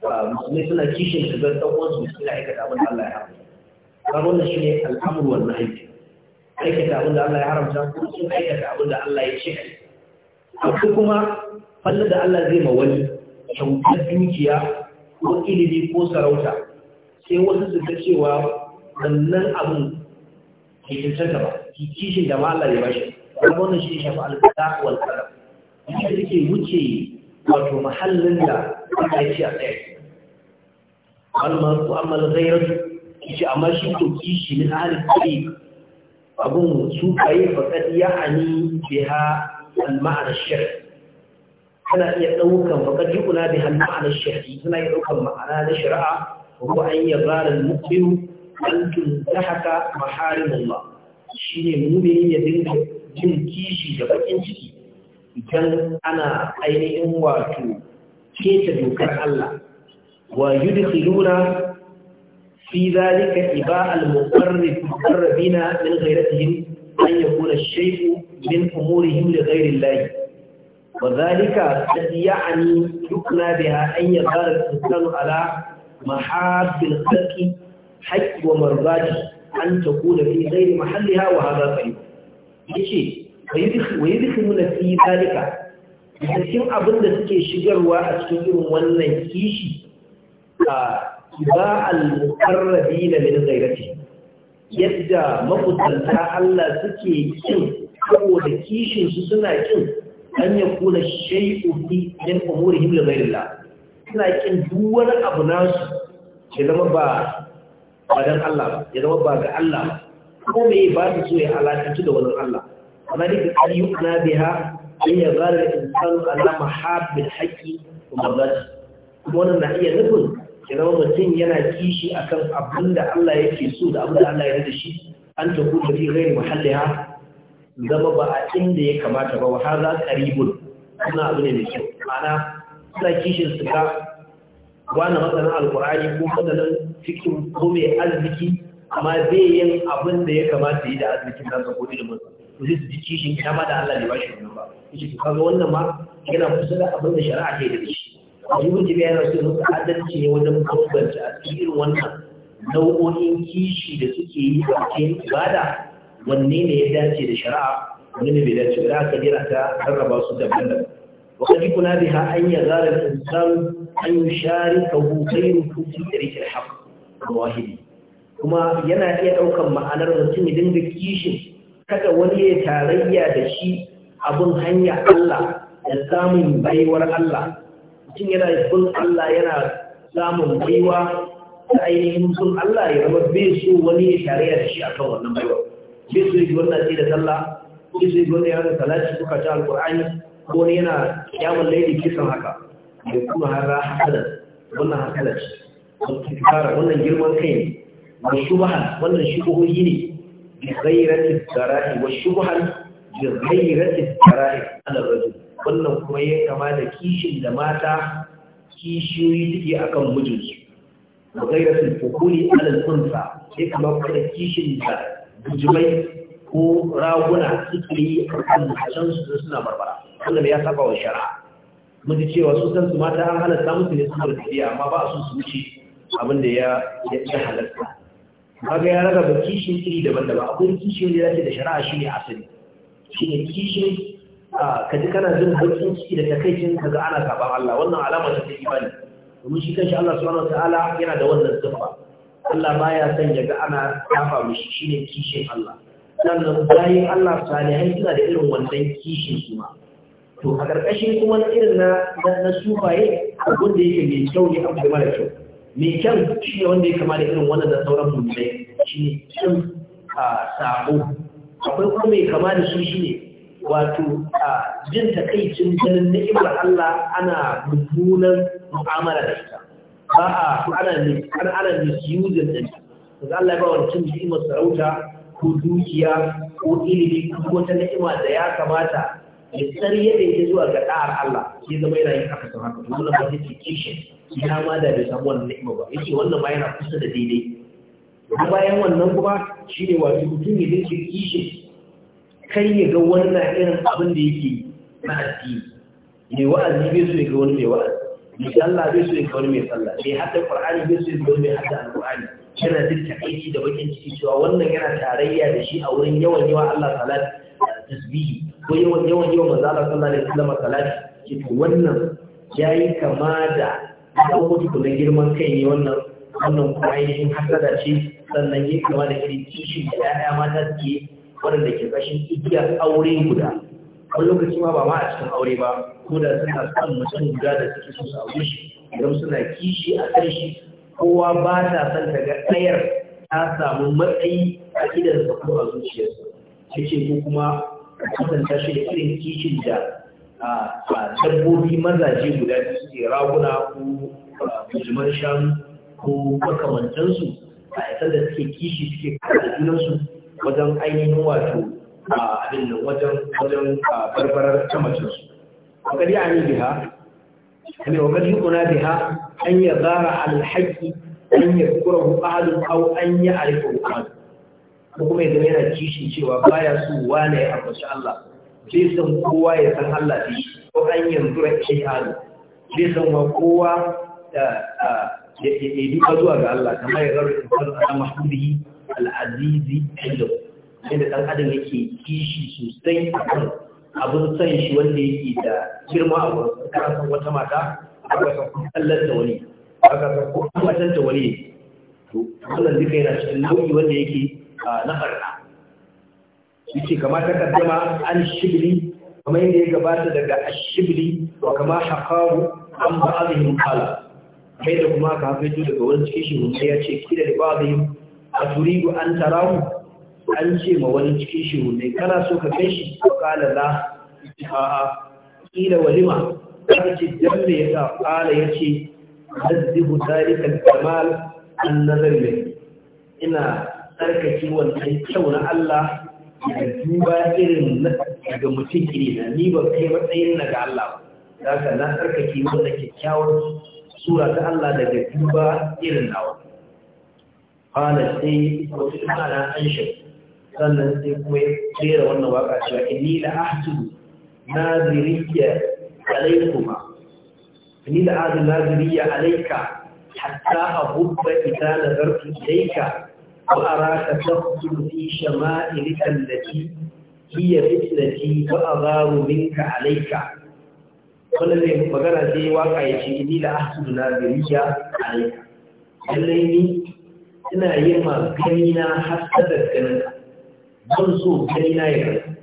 A: musulmai suna kishin shigar ɗan uwansu suna aikata abin da Allah ya hana kamar da shi ne al'amur wannan aiki aikata abin da Allah ya haramta ko sun aikata abin da Allah ya ce akwai kuma falla da Allah zai ma wani kyautar dukiya ko ilimi ko sarauta sai wasu su ta cewa wannan abin ke cancanta ba kishin da ma Allah ya bashi kuma wannan shi ne shafa alƙada wal qalam shi take wuce wato mahallin da Allah ya ce a tsaye amma ko amma ghayratu kishi amma shi to kishi min halin tsari abin su kai faƙad ya hani biha al iya ɗaukan faƙad jikuna biha al-ma'anar shari'a suna iya ɗaukan ma'ana na shari'a ko an yi barin mutum an tunta haka maharin Allah shi ne mumini ya dinga jin kishi da bakin ciki idan ana ainihin wato keta dokar Allah wa yudkhiluna في ذلك إباء المقرب المقربين من غيرتهم أن يكون الشيء من أمورهم لغير الله وذلك قد يعني يقنى بها أن يظهر الإنسان على محاب الخلق حق ومرضاته أن تكون في غير محلها وهذا طيب يجي ويدخلون في ذلك cikin abin da suke shigarwa a cikin irin wannan kishi a ba al da min ghayrati yadda makusanta Allah suke kin saboda kishin su suna kin an ya kula shay'u fi min umurihim li ghayrillah suna kin duk wani abu ya zama ba ba Allah ba ya zama ba ga Allah ba ko me ba su so ya alakantu da wannan Allah amma dai ka ayyuna biha an ya gara da insanu ala mahabbin haqqi wa mardati wannan na iya nufin ya mutum yana kishi akan abin da Allah yake so da abin da Allah ya da shi an tafi da fi muhalli muhalliha zama ba a inda ya kamata ba wa haza qaribun suna abu ne mai kyau ana suna kishin su ga wani matsanin alkur'ani ko matsanin cikin ko mai arziki amma zai yin abin da ya kamata yi da arzikin nan ko ilimin ko zai su ji kishin kyama da Allah ne ba shi ba yace to kaga wannan ma yana kusa da abin da shari'a ke da shi ibn tabiya yana so musu adalci ne wajen bambanta a cikin wannan nau'o'in kishi da suke yi a cikin ibada wanne ne ya dace da shari'a wanne ne bai dace da aka jira ta rarraba su daban-daban وقد يكون بها أن يزال الإنسان أن يشاركه غيره في da الحق الواهدي kuma yana iya ɗaukar ma'anar mutum idan da kishin kada wani ya tarayya da shi abin hanya Allah da samun baiwar Allah mutum yana sun Allah yana samun baiwa da ainihin sun Allah ya zama bai so wani ya shari'a da shi a kan wannan baiwa bai so yi wannan sai da sallah bai so yi wannan yana salati suka ta alqur'ani ko wani yana kyamun laili kisan haka da kuma hara hasada wannan hasada ce wannan fara wannan girman kai ne wa shubha wannan shubuhoyi ne bi ghayrati sarahi wa shubha bi ghayrati sarahi ala rajul wannan kuma ya kama da kishin da mata kishiyoyi suke akan mijinsu wa sun fukuli alal unsa ya kama kuma da kishin da bujimai ko raguna suke yi akan mutan su suna barbara wannan ya saba wa shari'a mun cewa su san su mata an halatta musu ne su barbiya amma ba su su wuce abin da ya ya halatta kaga ya ba kishin iri daban-daban akwai kishin da yake da shari'a shine asali shine kishin ka ji kana jin bakin ciki da takaicin kaga ana saban Allah wannan alama ce ta imani domin shi kanshi Allah subhanahu wataala yana da wannan zuba Allah baya son ya ga ana kafa mishi shine kishin Allah sannan bayan Allah salihai suna da irin wannan kishin su ma to a ƙarƙashin kuma na irin na na sufaye wanda yake mai kyau ne abu da mara kyau mai kyan shi ne wanda ya kama da irin wannan da sauran mutane shi ne kyan sabo akwai kuma mai kama da su shi ne wato a jin takaicin ganin ni'imar Allah ana mummunan mu'amala da ita ba a ana ne ana da ita da Allah ba wani cin ni'imar sarauta ko dukiya ko ilimi ko wata na'ima da ya kamata ya tsariye da ya zuwa ga ɗa'ar Allah ya zama yana yin haka sama haka dole ba take kishi ya ma da bai samu wannan na'ima ba yake wannan ma yana kusa da daidai bayan wannan kuma ne wato mutum ya zai yake kishin kar ya ga wannan irin abin da yake na addini mai wa'azi bai so ya ga wani mai wa'azi mai sallah bai so ya ga wani mai sallah mai hadda qur'ani bai so ya ga wani mai hadda alqur'ani yana duk takaici da bakin ciki cewa wannan yana tarayya da shi a wurin yawan yawa Allah salat tasbihi ko yawan yawan yawan manzo Allah sallallahu alaihi wasallam salat ce to wannan yayi kama da dauko ku na girman kai ne wannan wannan kuma ainihin hasada ce sannan yayi kama da irin kishi da ƴaƴa mata suke waɗanda ke ƙashin igiyar aure guda wani lokaci ma ba ma a cikin aure ba ko da suna son mutum guda da suke so su aure shi idan suna kishi a kan shi kowa ba ta son ta ga ɗayar ta samu matsayi a idansa ko a zuciyarsa sai ce ko kuma kasanta shi da irin kishin da a dabbobi mazaje guda biyu suke raguna ko bujiman shanu ko makamantansu a yasan da suke kishi suke kada junansu wajen ainihin wato a abin nan wajen wajen barbarar kamacinsu wakad ya yi biha ne wakad yi kuna biha an ya zara alhaki an ya kura hukadun au an ya arifa hukadun ko kuma yanzu yana kishin cewa baya su wane ya ambaci Allah zai san kowa ya san Allah ne ko an yanzu rai shi halu zai san wa kowa eh, eh, ya duka zuwa ga Allah kamar ya zarar insanin ala mahmudihi al'azizi sai da ɗan adam yake kishi sosai a kan abin san shi wanda yake da girma a wurin karasar wata mata a kasar kun kallar da wani aka kasar kun ambatar da wani to wannan duka yana cikin nau'i wanda yake na farka ce kama ta kaddama an shibli kama yadda ya gabata daga a ashibli wa kama haqaru an ba'azin kala. kai da kuma ka haifo daga wani cikin shi ya ce "Kila da ba'azin a turigu an tarahu an ce ma wani cikin shiru ne kana so ka kai shi ko kala la a'a kila walima ta ce dan me yasa kala yace azzibu zalika kamal an nazar mai. ina tsarkake wannan kyau na Allah da duba irin ga mutum iri na ni ba kai matsayin na ga Allah ba ka na tsarkake na kyakkyawar sura ta Allah daga duba irin nawa قال سي وتسمع انا انشد sannan sai kuma ya rera wannan waka cewa inni na ahsubu naziriyya alaykuma inni la ahsubu naziriyya alayka hatta ahubba idza nazartu ilayka wa araka takhdu fi shama'ilika allati hiya fitnati a agharu minka alayka wannan ne magana sai waka ya yace inni la ahsubu naziriyya alayka lallai ni ina yi ma ganina ganin ganinka zan so ganina ya rasu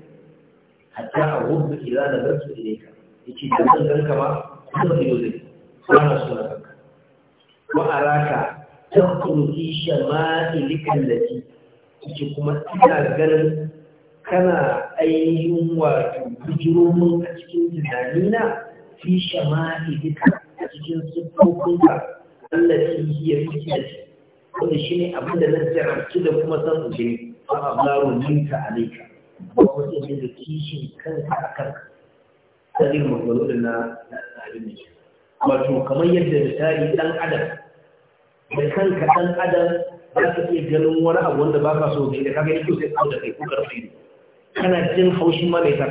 A: hatta a wudu ila da zarsu ya ce da zan ganka ba kuma ido zai bana Ba na kuruki wa araka takhruji shama'ilika allati yace kuma ina ganin kana ainihin wato bujiro mun a cikin na, fi shama'ilika a cikin siffofinka yi ya fi wanda shi ne abin da na jarabci da kuma san su ce ba a baro ninka alaika ba wasu ne da kishin kanka a kanka tsarin magwalo da na tsarin shi. wato kamar yadda misali ɗan adam da kanka ɗan adam za ka iya ganin wani abu wanda ba ka so ne da ka gani ko sai kawo da kai ko karfi ne kana jin haushin ma mai sa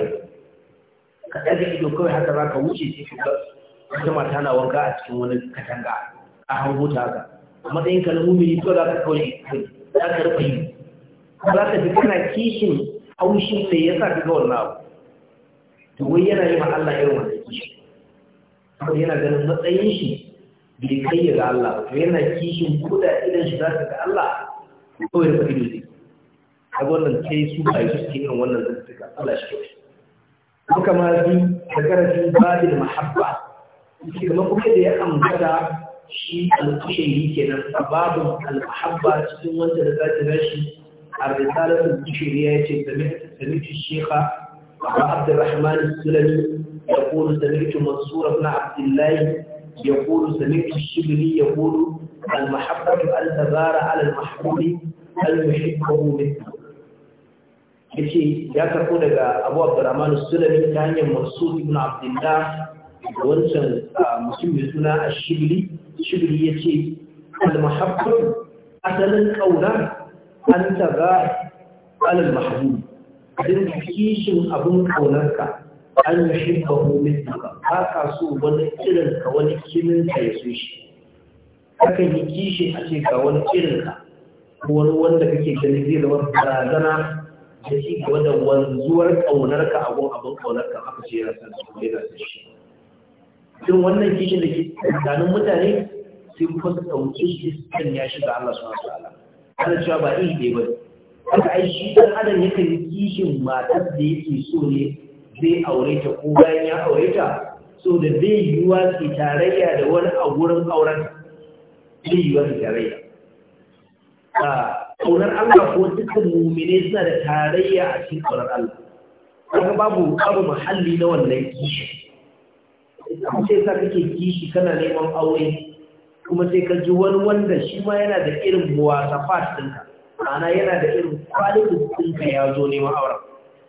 A: ka ɗaga ido kawai haka za ka wuce sai ka ga wata mata na wanka a cikin wani katanga a hango ta haka matsayin ka na mumini to za ka kawai za ka rufe yi za ka fi kana kishin haushin ne ya sa ka ga wannan abu to wai yana yi ma Allah irin wannan kishi to yana ganin matsayin shi bai kai ga Allah to yana kishin kuda idan shi za ka ga Allah kawai rufe ido zai a wannan kai su ba su cikin irin wannan zantuka Allah shi kawai muka ma bi da karafin babin mahabba kuma kuma da ya amfada shi al-kushairi ke nan babin al-mahabba cikin wanda da zata gashi a risalar al-kushairi ya ce sami'tu shekha abu abdurrahman sulami ya kuru sami'tu mansur ibn abdullahi ya kuru sami'tu shibli ya kuru al-mahabbatu al-tabara al-mahbubi al-muhibbu mithlu yace ya karbo daga Abu Abdurrahman Sulami ta hanyar Mansur ibn Abdullah wancan mutum mai suna Ashibli shirri ya ce al-mahabbun asalin ƙauna an taga al-mahabbu din kishin abin ƙaunarka an yi shi homin ba ka so wani irin wani kinin ya so shi haka yi kishin a ce ga wani irin wani wanda kake ganin zai zama barazana da shi ga wanda wanzuwar ƙaunarka abin abin ƙaunarka aka ce yana san su ne da shi don wannan kishin da ke tsakanin mutane sai kusa su shi kan ya shiga Allah su masu ala ana cewa ba iri ɗaya ba Aka ai shi ɗan adam yakan yi kishin matar da yake so ne zai aure ta ko bayan ya aure ta so da zai wa su tarayya da wani a wurin auren zai yi wa su tarayya ƙaunar Allah ko dukkan mummine suna da tarayya a cikin ƙaunar Allah Aka babu babu muhalli na wannan kishin a ce sa kake kishi kana neman aure kuma sai ka ji wani wanda shi ma yana da irin wasafat ɗinka ma'ana yana da irin kwalifis ɗinka ya zo neman auren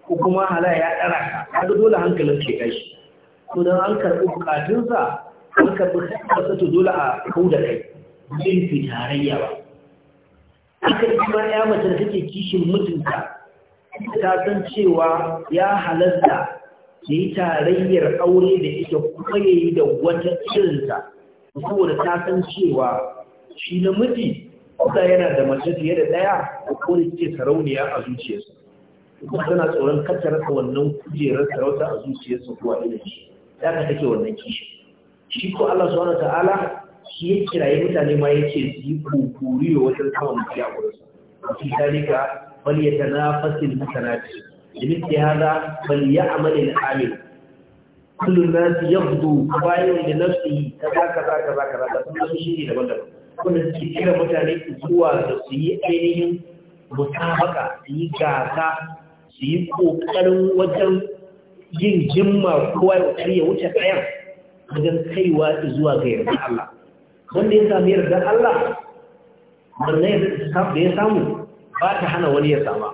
A: ko kuma hala ya ɗara ka kaga dole hankalin ke tashi ko don an karɓi bukatunsa an karɓi kasa ta dole a kau da kai zai fi tarayya ba aka yi ma ya mace da take kishin mutunta ta san cewa ya halarta yi tarayyar aure da ita kuma yayi da wata irinta saboda ta san cewa shi namiji kuka yana da mace fiye da ɗaya ko da ke sarauniya a zuciyarsa kuma tana tsoron kacce rasa wannan kujerar sarauta a zuciyarsa kuwa irin shi ya ka take wannan kishi shi ko Allah subhanahu ta'ala shi ya kiraye mutane ma yake su yi kokuri wa wajen kama mutu a gurinsa a cikin yatanafasil mutanafis لمثل هذا فليعمل العامل كل الناس يغدو باين لنفسه كذا كذا كذا كذا كذا شيء ده wannan wannan shi kira mutane zuwa da suyi yi ainihin musabaka su yi gasa su yi wajen yin jimma kowa ya wuce tsayan wajen kaiwa zuwa ga yarda Allah wanda ya sami yarda Allah wannan da ya samu ba ta hana wani ya sama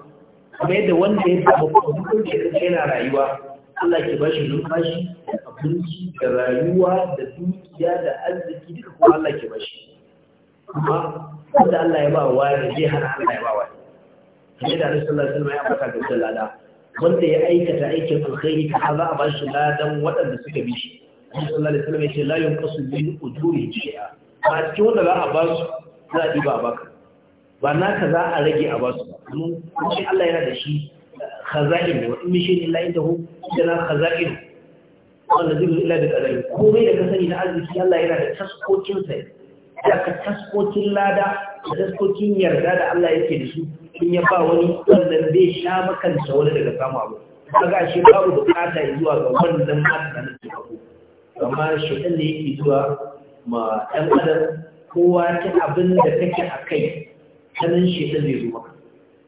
A: kamar yadda wanda ya samu kwanukun da kake yana rayuwa Allah ke ba shi numfashi da abinci da rayuwa da dukiya da arziki duka kuma Allah ke ba shi amma wanda Allah ya ba wa ne zai hana Allah ya ba wa kamar da Rasul Allah sallallahu alaihi wasallam ya faɗa ga wannan lada wanda ya aikata aikin alkhairi ka za a bashi shi ladan waɗanda suka bi shi Rasul Allah sallallahu alaihi wasallam ya ce la yunqasu min ujurihi shay'a ba cikin wanda za a ba su za a diba baka ba naka za a rage a basu ba amma kuma Allah yana da shi khaza'in da wani mishin illa inda hu da na khaza'in wanda zai illa da kaza'in komai da ka sani na arziki Allah yana da taskokin sa daga taskokin lada da taskokin yarda da Allah yake da shi, in ya ba wani wannan bai sha makanta wani daga samu abu kaga shi babu bukata zuwa ga wannan mata na tafi amma shaitan ne yake zuwa ma dan adam kowa ta abin da kake a kai hannun shi shaitan zai zo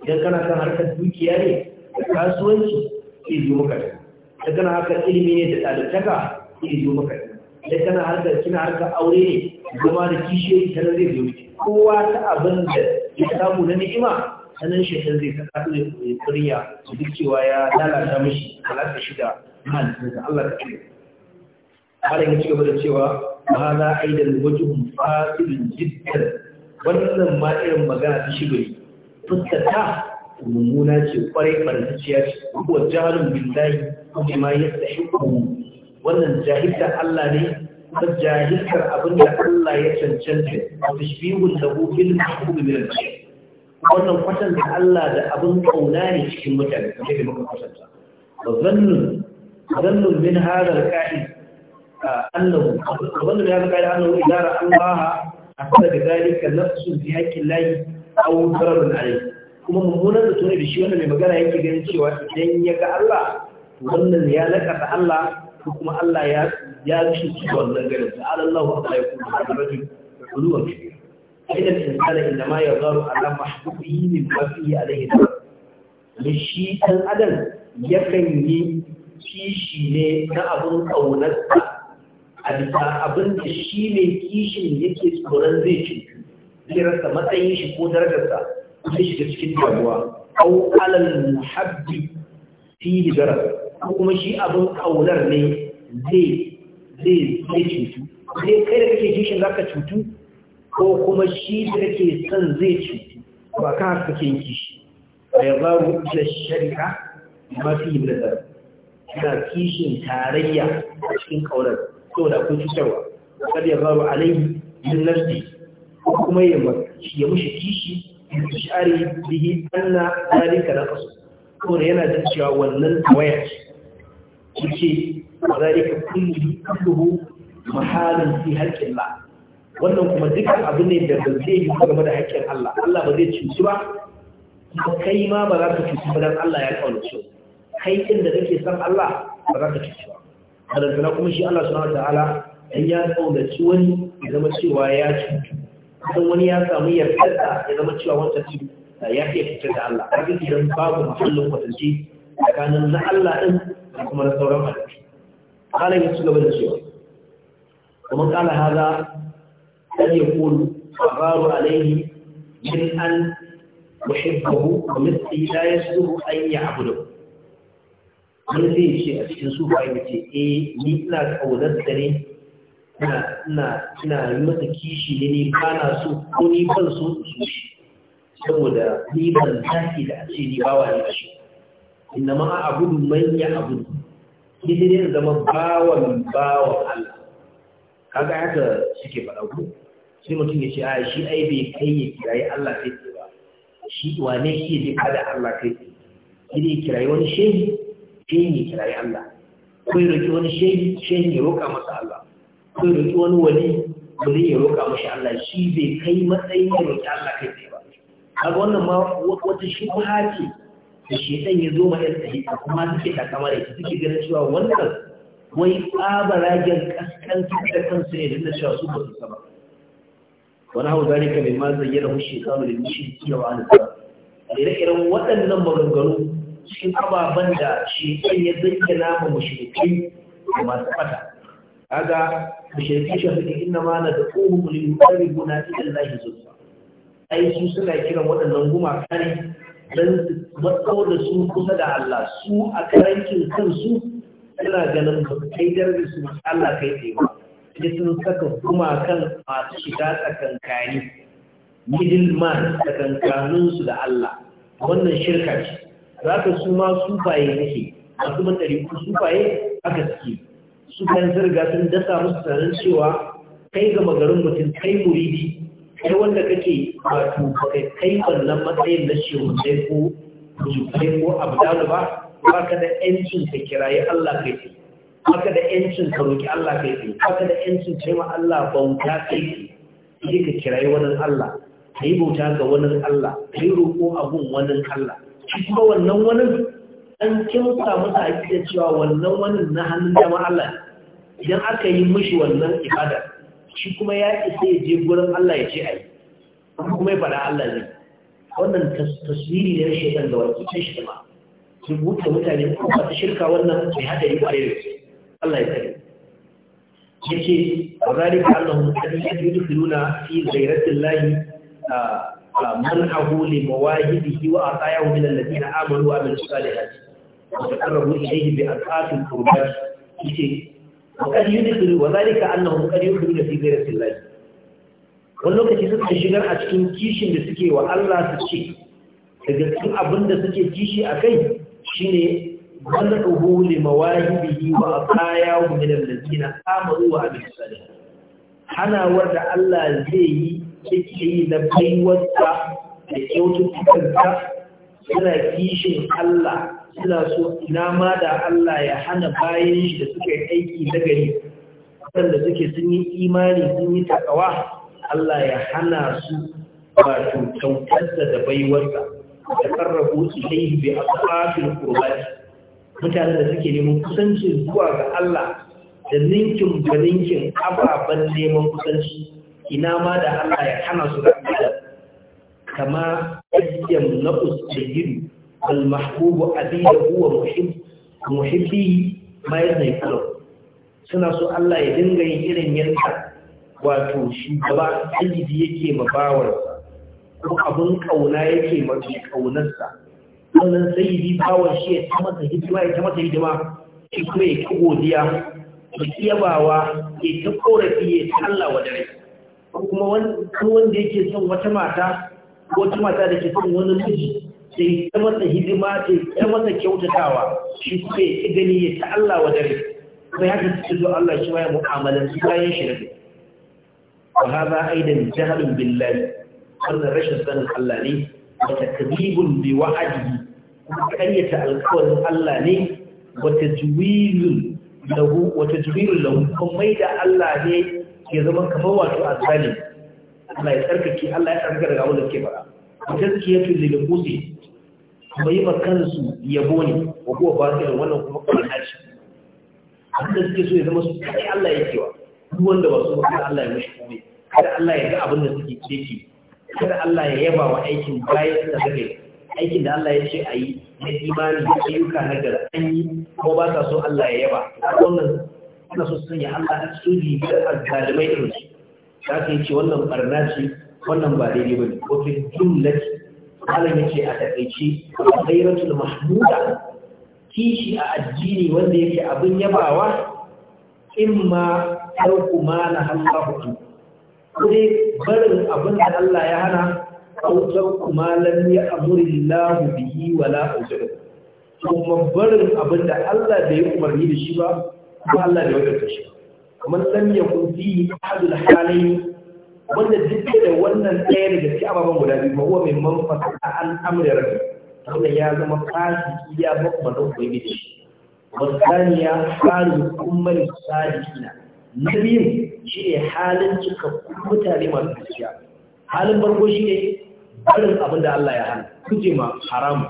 A: idan kana kan harkar dukiya ne da kasuwanci zai zo maka da kana harkar ilimi ne da ɗalibtaka zai zo maka da kana harkar kina harkar aure ne zama da kishiyoyi ta zai zo kowa ta abin da ya samu na ni'ima hannun shi shaitan zai kasa zai kuriya duk cewa ya lalata mishi alaƙa shida da Allah ta ce har ya ci gaba da cewa ba za a yi da wajihun fasilin jiddar wannan ma irin magana ta shigari fuskata mummuna ce kwarai farantacciya ce kuwa jahalun billahi kuma ma ya tsaye wannan jahilta Allah ne kuma jahiltar abin da Allah ya cancanta a tashbihun da hukin mahbubi min al-bashar wannan da Allah da abin kauna ne cikin mutane kamar yadda muka kwatanta ظن ظن من هذا الكائن أنه ظن من هذا الكائن أنه إذا رأى الله asara da zalika nafsun fi haƙƙin layi aw dararun alayhi kuma mummunan da ne da shi wanda mai magana yake ganin cewa idan ya ga Allah wannan ya nakasa Allah ko kuma Allah ya ya cuci wannan garin ta'ala Allahu ta'ala ya kuma da rajul quluwa kabir inda insana inda ma ya zaru ala mahdubihi min ma fihi alayhi da shi dan adam yakan yi kishi ne na abun kaunarsa a abinda abin da shi ne kishin yake tsoron zai cutu zai rasa matsayin shi ko darajarsa zai shiga cikin damuwa au alal muhabbi fi zarar ko kuma shi abin kaunar ne zai zai zai cutu sai kai da kake kishin zaka cutu ko kuma shi da kake son zai cutu ba ka haka kake kishi a yabaru ila shari'a ma fi zarar kishin tarayya cikin ƙaunar. saboda akwai cutarwa kada ya faru alaihi min nafsi ko kuma ya mashi ya mushi kishi ya share bihi anna zalika yana da cewa wannan tawaya ce ce zalika kullu kulluhu mahalun fi haqqin wannan kuma duka abu ne da ba zai yi game da haƙƙin Allah Allah ba zai cuci ba kuma kai ma ba za ka cuci ba dan Allah ya kawo kai inda da kake san Allah ba za ka cuci ba karantana kuma shi Allah subhanahu ta'ala in ya kaunaci wani ya zama cewa ya cutu don wani ya samu yarda ya zama cewa wancan cutu ya iya fitar da Allah har idan babu mahallin kwatance tsakanin na Allah ɗin, da kuma na sauran halittu kala ya ci gaba da cewa kuma kala haza dan ya kulu fagaru alaihi min an muhibbahu wa mithli la yasduhu an ya'budu wani zai ce a cikin sufa ya ce eh ni ina kaunar da ne ina ina yi mata kishi ne ni ba na so ko ni ban so su shi saboda ni ban zafi da a ce ni bawa ne shi inda ma a abu manya ya ne ni ne zama bawan bawan Allah kaga haka suke faɗa ko sai mutum ya ce a shi ai bai kai ya kirayi Allah kai ba shi wane shi zai kada Allah kai ne kirayi wani shehi shehi kirayi Allah ko ya roƙi wani shehi ya roƙa masa Allah ko ya roƙi wani wali wani ya roƙa masa Allah shi bai kai matsayin ya roƙi Allah kai tsaye ba kaga wannan ma wata shi ba ce da shedan ya zo ma yan tsaye kuma suke kamar da suke ganin cewa wannan wai tsabaragen kaskantar da kansu ne da cewa su ba su saba wani hau ka mai ma zayyana hushe tsaro da mishi kiyawa da tsara ire-iren waɗannan maganganu cikin ababen da shi ya zayyana ma mushrikai da masu fata kaga mushrikai shi suke inna ma na daquhum lil muqarribuna ila Allah zulfa ai su suna kiran waɗannan gumaka ne dan su matso da su kusa da Allah su a karankin kansu suna ganin ba kai darajar su Allah kai tsaye ba sai sun saka gumakan masu shiga tsakankani middleman tsakankaninsu da Allah wannan shirka ce za ka su ma sufaye nake masu ku su sufaye aka suke su kan zarga sun dasa musu tunanin cewa kai gama garin mutum kai muridi kai wanda kake wato kai kai wannan matsayin na shehunai ko jufai ko abdalu ba ba ka da yancin ka kirayi Allah kai ce ba ka da yancin ka roki Allah kai ce ba ka da yancin kai ma Allah bauta kai ce sai ka kirayi wannan Allah kai bauta ga wannan Allah kai roko roƙo abun wannan Allah shi kuma wannan wani an kimsa masa aƙidar cewa wannan wani na hannun dama Allah idan aka yi mishi wannan ibada shi kuma ya isa ya je gurin Allah ya ce ai kuma ya faɗa Allah ne wannan taswiri ne shaitan da wani cikin shi ma rubuta mutane ko ba ta shirka wannan mai yi ba da Allah ya kare yake wa zalika annahum qad yadkhuluna fi ghayratil lahi ah, منعه wa وأعطاه من الذين آمنوا وعملوا الصالحات وتقربوا إليه بأطاعة القربات وقد يدخل وذلك أنهم قد يدخلون في غيرة الله wani lokaci suka shigar a cikin kishin da suke wa Allah su ce daga cikin abin da suke kishi a kai shi ne wanda ɗuhu bihi wa a kaya wa minan wa abin salih hana da Allah zai yi yake yi na baiwarsa da kyaututtukansa suna kishin Allah suna so ina ma da Allah ya hana bayan shi da suka yi aiki na gari waɗanda suke sun yi imani sun yi takawa Allah ya hana su wato kyautarsa da baiwarsa da karrabu ilaihi bi asfafil qurbati mutanen da suke neman kusanci zuwa ga Allah da ninkin ga ninkin ababen neman kusanci ina ma da Allah ya hana su da adam kama ajiyam na usayyiru al mahbubu abi da huwa muhib muhibbi ma zai kula suna so Allah ya dinga yin irin yanka wato shugaba sayyidi yake mabawarsa ko abin kauna yake mafi kaunarsa wannan sayyidi bawon shi ya ta masa hidima ya ta masa hidima shi kuma ya ki godiya ya ki yabawa ya ta korafi ya ta Allah wa ko kuma wanda yake son wata mata ko wata mata da ke son wani miji sai ta masa hidima ta ya masa kyautatawa shi kuma ya ki gani ya ta Allah wa dare kuma ya su zo Allah shi ma ya mu'amalan su bayan shi rabe wa hadha aidan jahlun billahi wannan rashin sanin Allah ne wa takdibun bi wa'adihi kuma karyata alƙawarin Allah ne wa tajwilun lahu wa tajwilun lahu kuma da Allah ne ya zama kamar wato tsari Allah ya tsarkake Allah ya tsarkake daga wanda ke fara yake lil musi kuma yi su yabo ne wa kuwa batil wannan kuma kwana shi abinda suke so ya zama su kai Allah ya kewa duk wanda ba su ba Allah ya mashi kome. kada Allah ya ga abin da suke kike kada Allah ya yaba wa aikin bayan da kake aikin da Allah ya ce a yi na imani ayyuka na gara an yi ko ba sa so Allah ya yaba wannan su sun sanya Allah a yi biyar azzalimai irin su za ka ce wannan barna ce wannan ba daidai ba ne wafin jumlati malam ya ce a takaice a tsayiratul mahmuda kishi a addini wanda yake abin yabawa in ma ɗauku ma na hallahu hudu. ko dai barin abin da Allah ya hana autar kuma lam ya amuri lahu wala autar kuma barin abin da Allah bai yi umarni da shi ba ko Allah da wata kashi kamar lam yakun fihi ahadul halayn wanda duk da wannan ɗaya daga cikin ababen guda biyu huwa mai manfasa an amri rabbi wannan ya zama fasiki ya bakma da ubangiji ya halin ummar sadiqina na biyu shi ne halin cika mutane masu gaskiya halin farko shi ne barin abin da Allah ya hana kuje ma haramu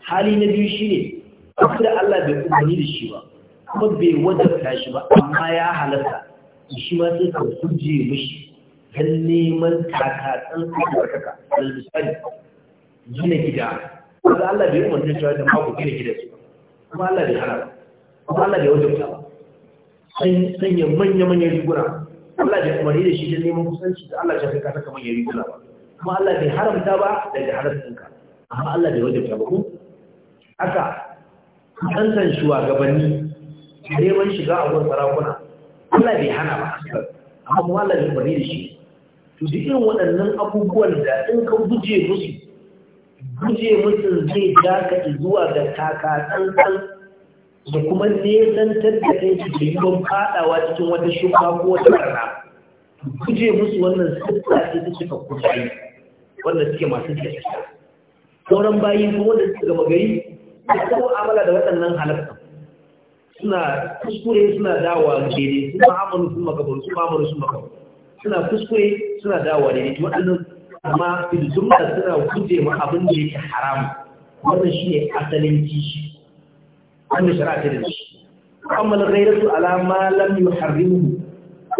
A: hali na biyu shi ne abin da Allah bai umarni da shi ba kuma bai wadata shi ba amma ya halarta shi ma sai ka kuje mishi don neman takatsan tsarkaka da misali gina gida wanda Allah bai umarta cewa da mako gina gida su kuma Allah bai hana kuma Allah bai wajabta ba sanya manya-manyan riguna Allah bai umarni da shi don neman kusanci da Allah ya ka saka manyan riguna ba kuma Allah bai haramta ba da haramta ka, amma Allah bai wajabta ba ko haka kusantan shugabanni neman shiga a wurin sarakuna Allah bai hana ba amma kuma Allah bai bari da shi to duk irin waɗannan abubuwan da in ka guje musu guje musu zai ja ka zuwa ga taka tsantsan da kuma nesantar da kai su da don faɗawa cikin wata shuka ko wata rana guje musu wannan sassa ce ta cika kuɗi wanda suke masu kyakkyar sauran bayi ko wanda suka gama gari ko kuma amala da waɗannan halatta suna kuskure suna dawa daidai sun ma'amalu sun makabaru sun ma'amalu sun makabar suna kuskure suna dawa daidai waɗannan amma filzumma suna guje ma abin da yake haram wannan shi ne asalin kishi wanda shari'a ta da shi amma ghairatu ala ma lam yuharrimu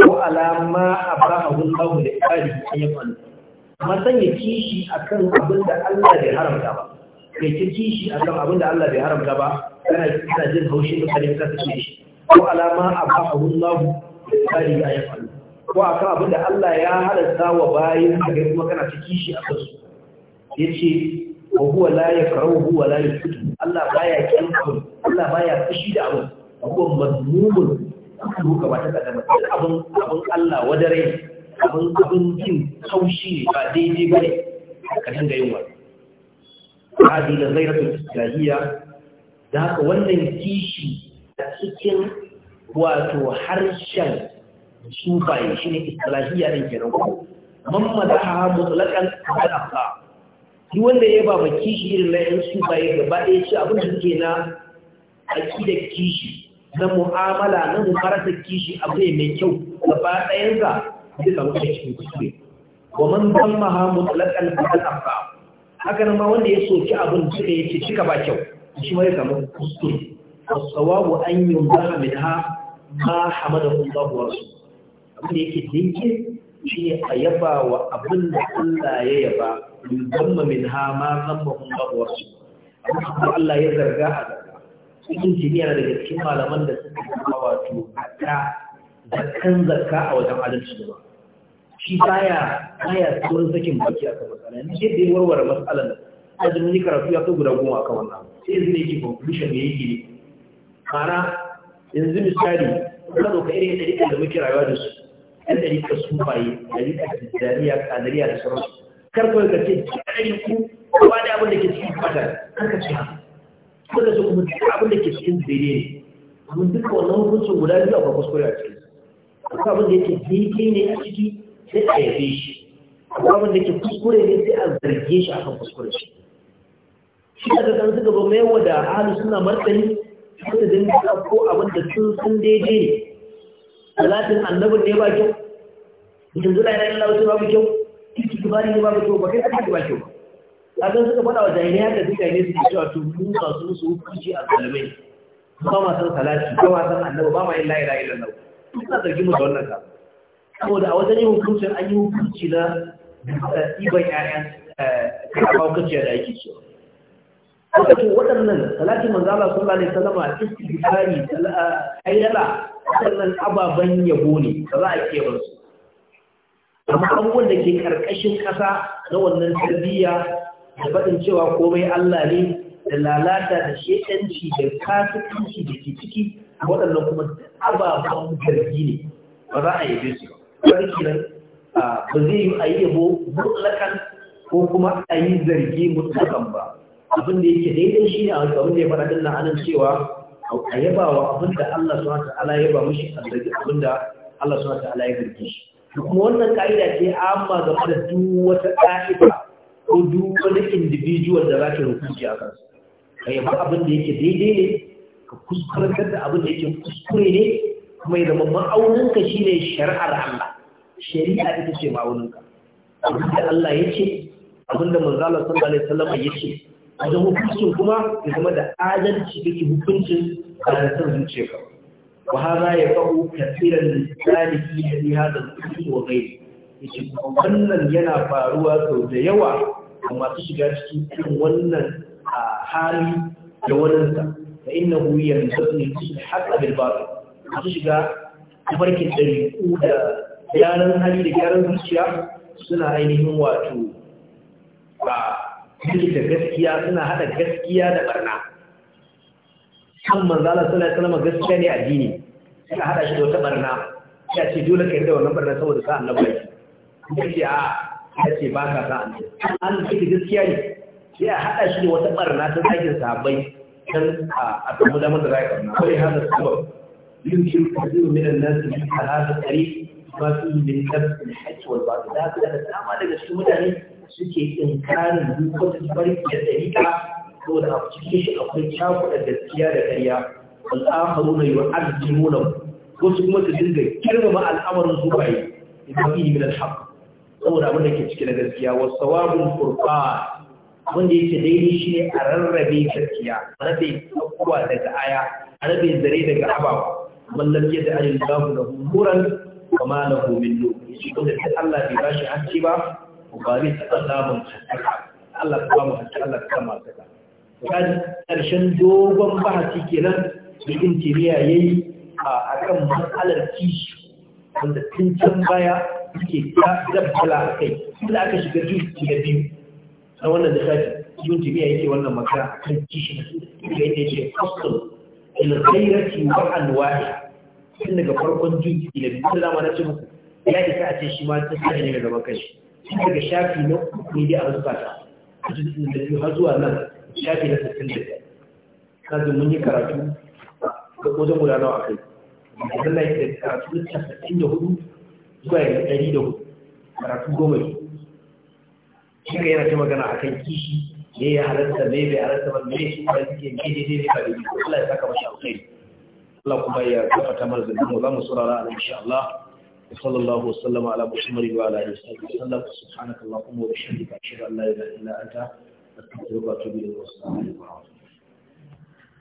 A: ko ala ma abrahu Allah da ibadihi ayyukan amma sanya kishi akan abin da Allah bai haramta ba kai kirki shi akan abin da Allah bai haramta ba kana kana jin haushi da kare ka kace shi ko alama abahu Allah bari ya yafalu ko akan abin da Allah ya halatta wa bayin ka kuma kana ciki shi a kansu yace wa huwa la yakrahu wa la yusudu Allah baya kin Allah baya fushi da abu, ko mazmumun duka ba ta kada mutum abin abin Allah wadare abin abin jin haushi ba daidai bane ka dinga yin wannan da هذه الغيرة da haka wannan kishi a cikin wato harshen sufaye ne islahiyya ɗin ke ko mamma da ha mutlaqan alaqa yi wanda ya ba ma kishi irin na yan sufaye ba ɗaya shi abin da suke na da kishi na mu'amala na mukarata kishi abu ne mai kyau gaba ɗayan ga zai samu cikin kuskure wa man dhamma ha mutlaqan haka nan ma wanda ya soki abin duka ya ce cika ba kyau shi ma ya samu kuskure wasawabu an yi ba min ha ma hamada kun zabuwa su abin da yake dinke shi ne a yaba wa abin da Allah ya yaba min zamma min ha ma zamma kun zabuwa su abin da Allah ya zarga a zarga cikin kimiyya daga cikin malaman da suka kawo wato zakka da kan zakka a wajen adalci da ba shi baya baya tsoron sakin baki a kan matsala ne sai dai warware matsalar azumin yi karatu ya kai guda goma akan wannan sai yanzu ne yake conclusion ya yake ne ma'ana yanzu misali ka ɗauka irin ɗariƙar da muke rayuwa da su ɗan ɗariƙar sufaye ɗariƙar tijjaniya kadariya da sauransu kar kawai ka ce ɗari ku ba da abin da ke cikin fata kar ka ce haka kuma su kuma duk abin da ke cikin daidai ne amma duka wannan hukuncin guda biyu akwai kuskure a cikin su akwai abin da yake daidai ne a ciki sai a yabe shi abubuwan da ke kuskure ne sai a zarge shi akan kuskure shi shi a kan suka ba mai wada ahalu suna martani wanda zai da ko abin da sun san daidai ne talatin annabin ne ba kyau mutum zula yana yin lawacin babu kyau kiki kibari ne babu kyau ba kai kake ba kyau ba kasan suka faɗa wa jami'a haka duka ne su cewa to mu ba su musu hukunci a zalimai ba ma san salati ba ma san annabi ba ma yin la ilaha illallah suna zargin mu da wannan kafin saboda a wajen yin hukuncin an yi hukunci na eh, iban ƴaƴan eh, karɓar kaciya da ake cewa wato waɗannan talatin manzala sallallahu alaihi wasallam istighfari ayyala eh, waɗannan ababen yabo ne ba za a kebar su amma abubuwan da ke karkashin ƙasa na wannan tarbiyya da faɗin cewa komai Allah ne da lalata da shedanci da kasuwanci da ke ciki waɗannan kuma ababen gargi ne ba za a yabe su ba. wani kenan ba zai yi a yi yabo mutlakan ko kuma a yi zargi mutlakan ba abin da yake daidai shi ne a wani da ya fara na anan cewa a yaba wa abin da Allah suna ta'ala ya ba mushi a zargi abin da Allah suna ta'ala ya zargi shi kuma wannan ka'ida ce amma game da duk wata ka'ida ko duk wani individual da za ka hukunci a kansu. ka yaba abin da yake daidai ne ka kuskurantar da abin da yake kuskure ne kuma ya zama ma'auninka shi ne shari'ar Allah shari'a ita ce ma'auninka abinda Allah ya ce abinda manzala sallallahu alaihi wasallam ya ce wajen hukuncin kuma ya zama da adalci kake hukuncin ba da san zuciyarka wa hada ya fa'u kafiran saliki fi hada al-kutub wa ghayri yace wannan yana faruwa sau da yawa ga masu shiga cikin irin wannan hali da waninsa fa innahu yanzu ne shi hatta bil su shiga ɗari ɗariƙu da yaran hali da gyaran zuciya suna ainihin wato ba da gaskiya suna haɗa gaskiya da ɓarna kan manzala suna salama gaskiya ne a jini. suna haɗa shi da wata ɓarna ya ce dole ka yi da wannan ɓarna saboda sa annaba ya ce a ya ce ba ka sa annaba an da gaskiya ne sai a haɗa shi da wata ɓarna ta zagin sabai don a samu damar da za a yi ɓarna kawai hana sabon يمكن كثير من الناس من هذا الطريق ما فيه من نفس الحج والباطل هذا الأسلام هذا الشيء مدعني suke inkarin duk wata tabarki da ɗariƙa ko da a cikin shi akwai shafu da gaskiya da ƙarya al'amaru na yi wa arziki nuna wasu kuma su dinga girmama al'amarin su bai yi saboda abin da ke gaskiya wa sawabun furqa wanda yake daidai shi ne a rarrabe gaskiya a rabe daga aya a rabe zare daga ababa. man lam yad'a Allahu lahu nuran kama lahu min nur shi ko da Allah bai bashi hanci ba ko ba zai taɓa samun hakkaka Allah ka ba mu hakki Allah ka kama ka kan karshen dogon bahasi kenan da intiriya yayi a kan matsalar kishi wanda tun can baya suke dabbala a kai inda aka shiga juji da biyu na wannan da shafi yun jimiya yake wannan magana a kan kishi da inda yake ce hostel ilghairati wa'an waye, tun daga farkon jinsi da biyu da na ce ya isa a ce shi ma ta sai ne daga gaban kanshi tun daga shafi na uku ne a rubuta ta a cikin da biyu har zuwa nan shafi na 65 kaji mun yi karatu ga wajen guda nawa akai da Allah ya da karatu na hudu zuwa da hudu, karatu goma ne shi yana ta magana akan kishi ne ya halarta ne bai halarta ba ne shi ba suke ne ne ne ba da Allah ya saka mashi alkhairi Allah kuma ya kafata mana zubin mu za mu saurara a insha Allah وصلى الله وسلم على محمد ala اله وصحبه وسلم سبحانك اللهم وبحمدك اشهد da لا اله الا انت استغفرك واتوب اليك والسلام عليكم ورحمه الله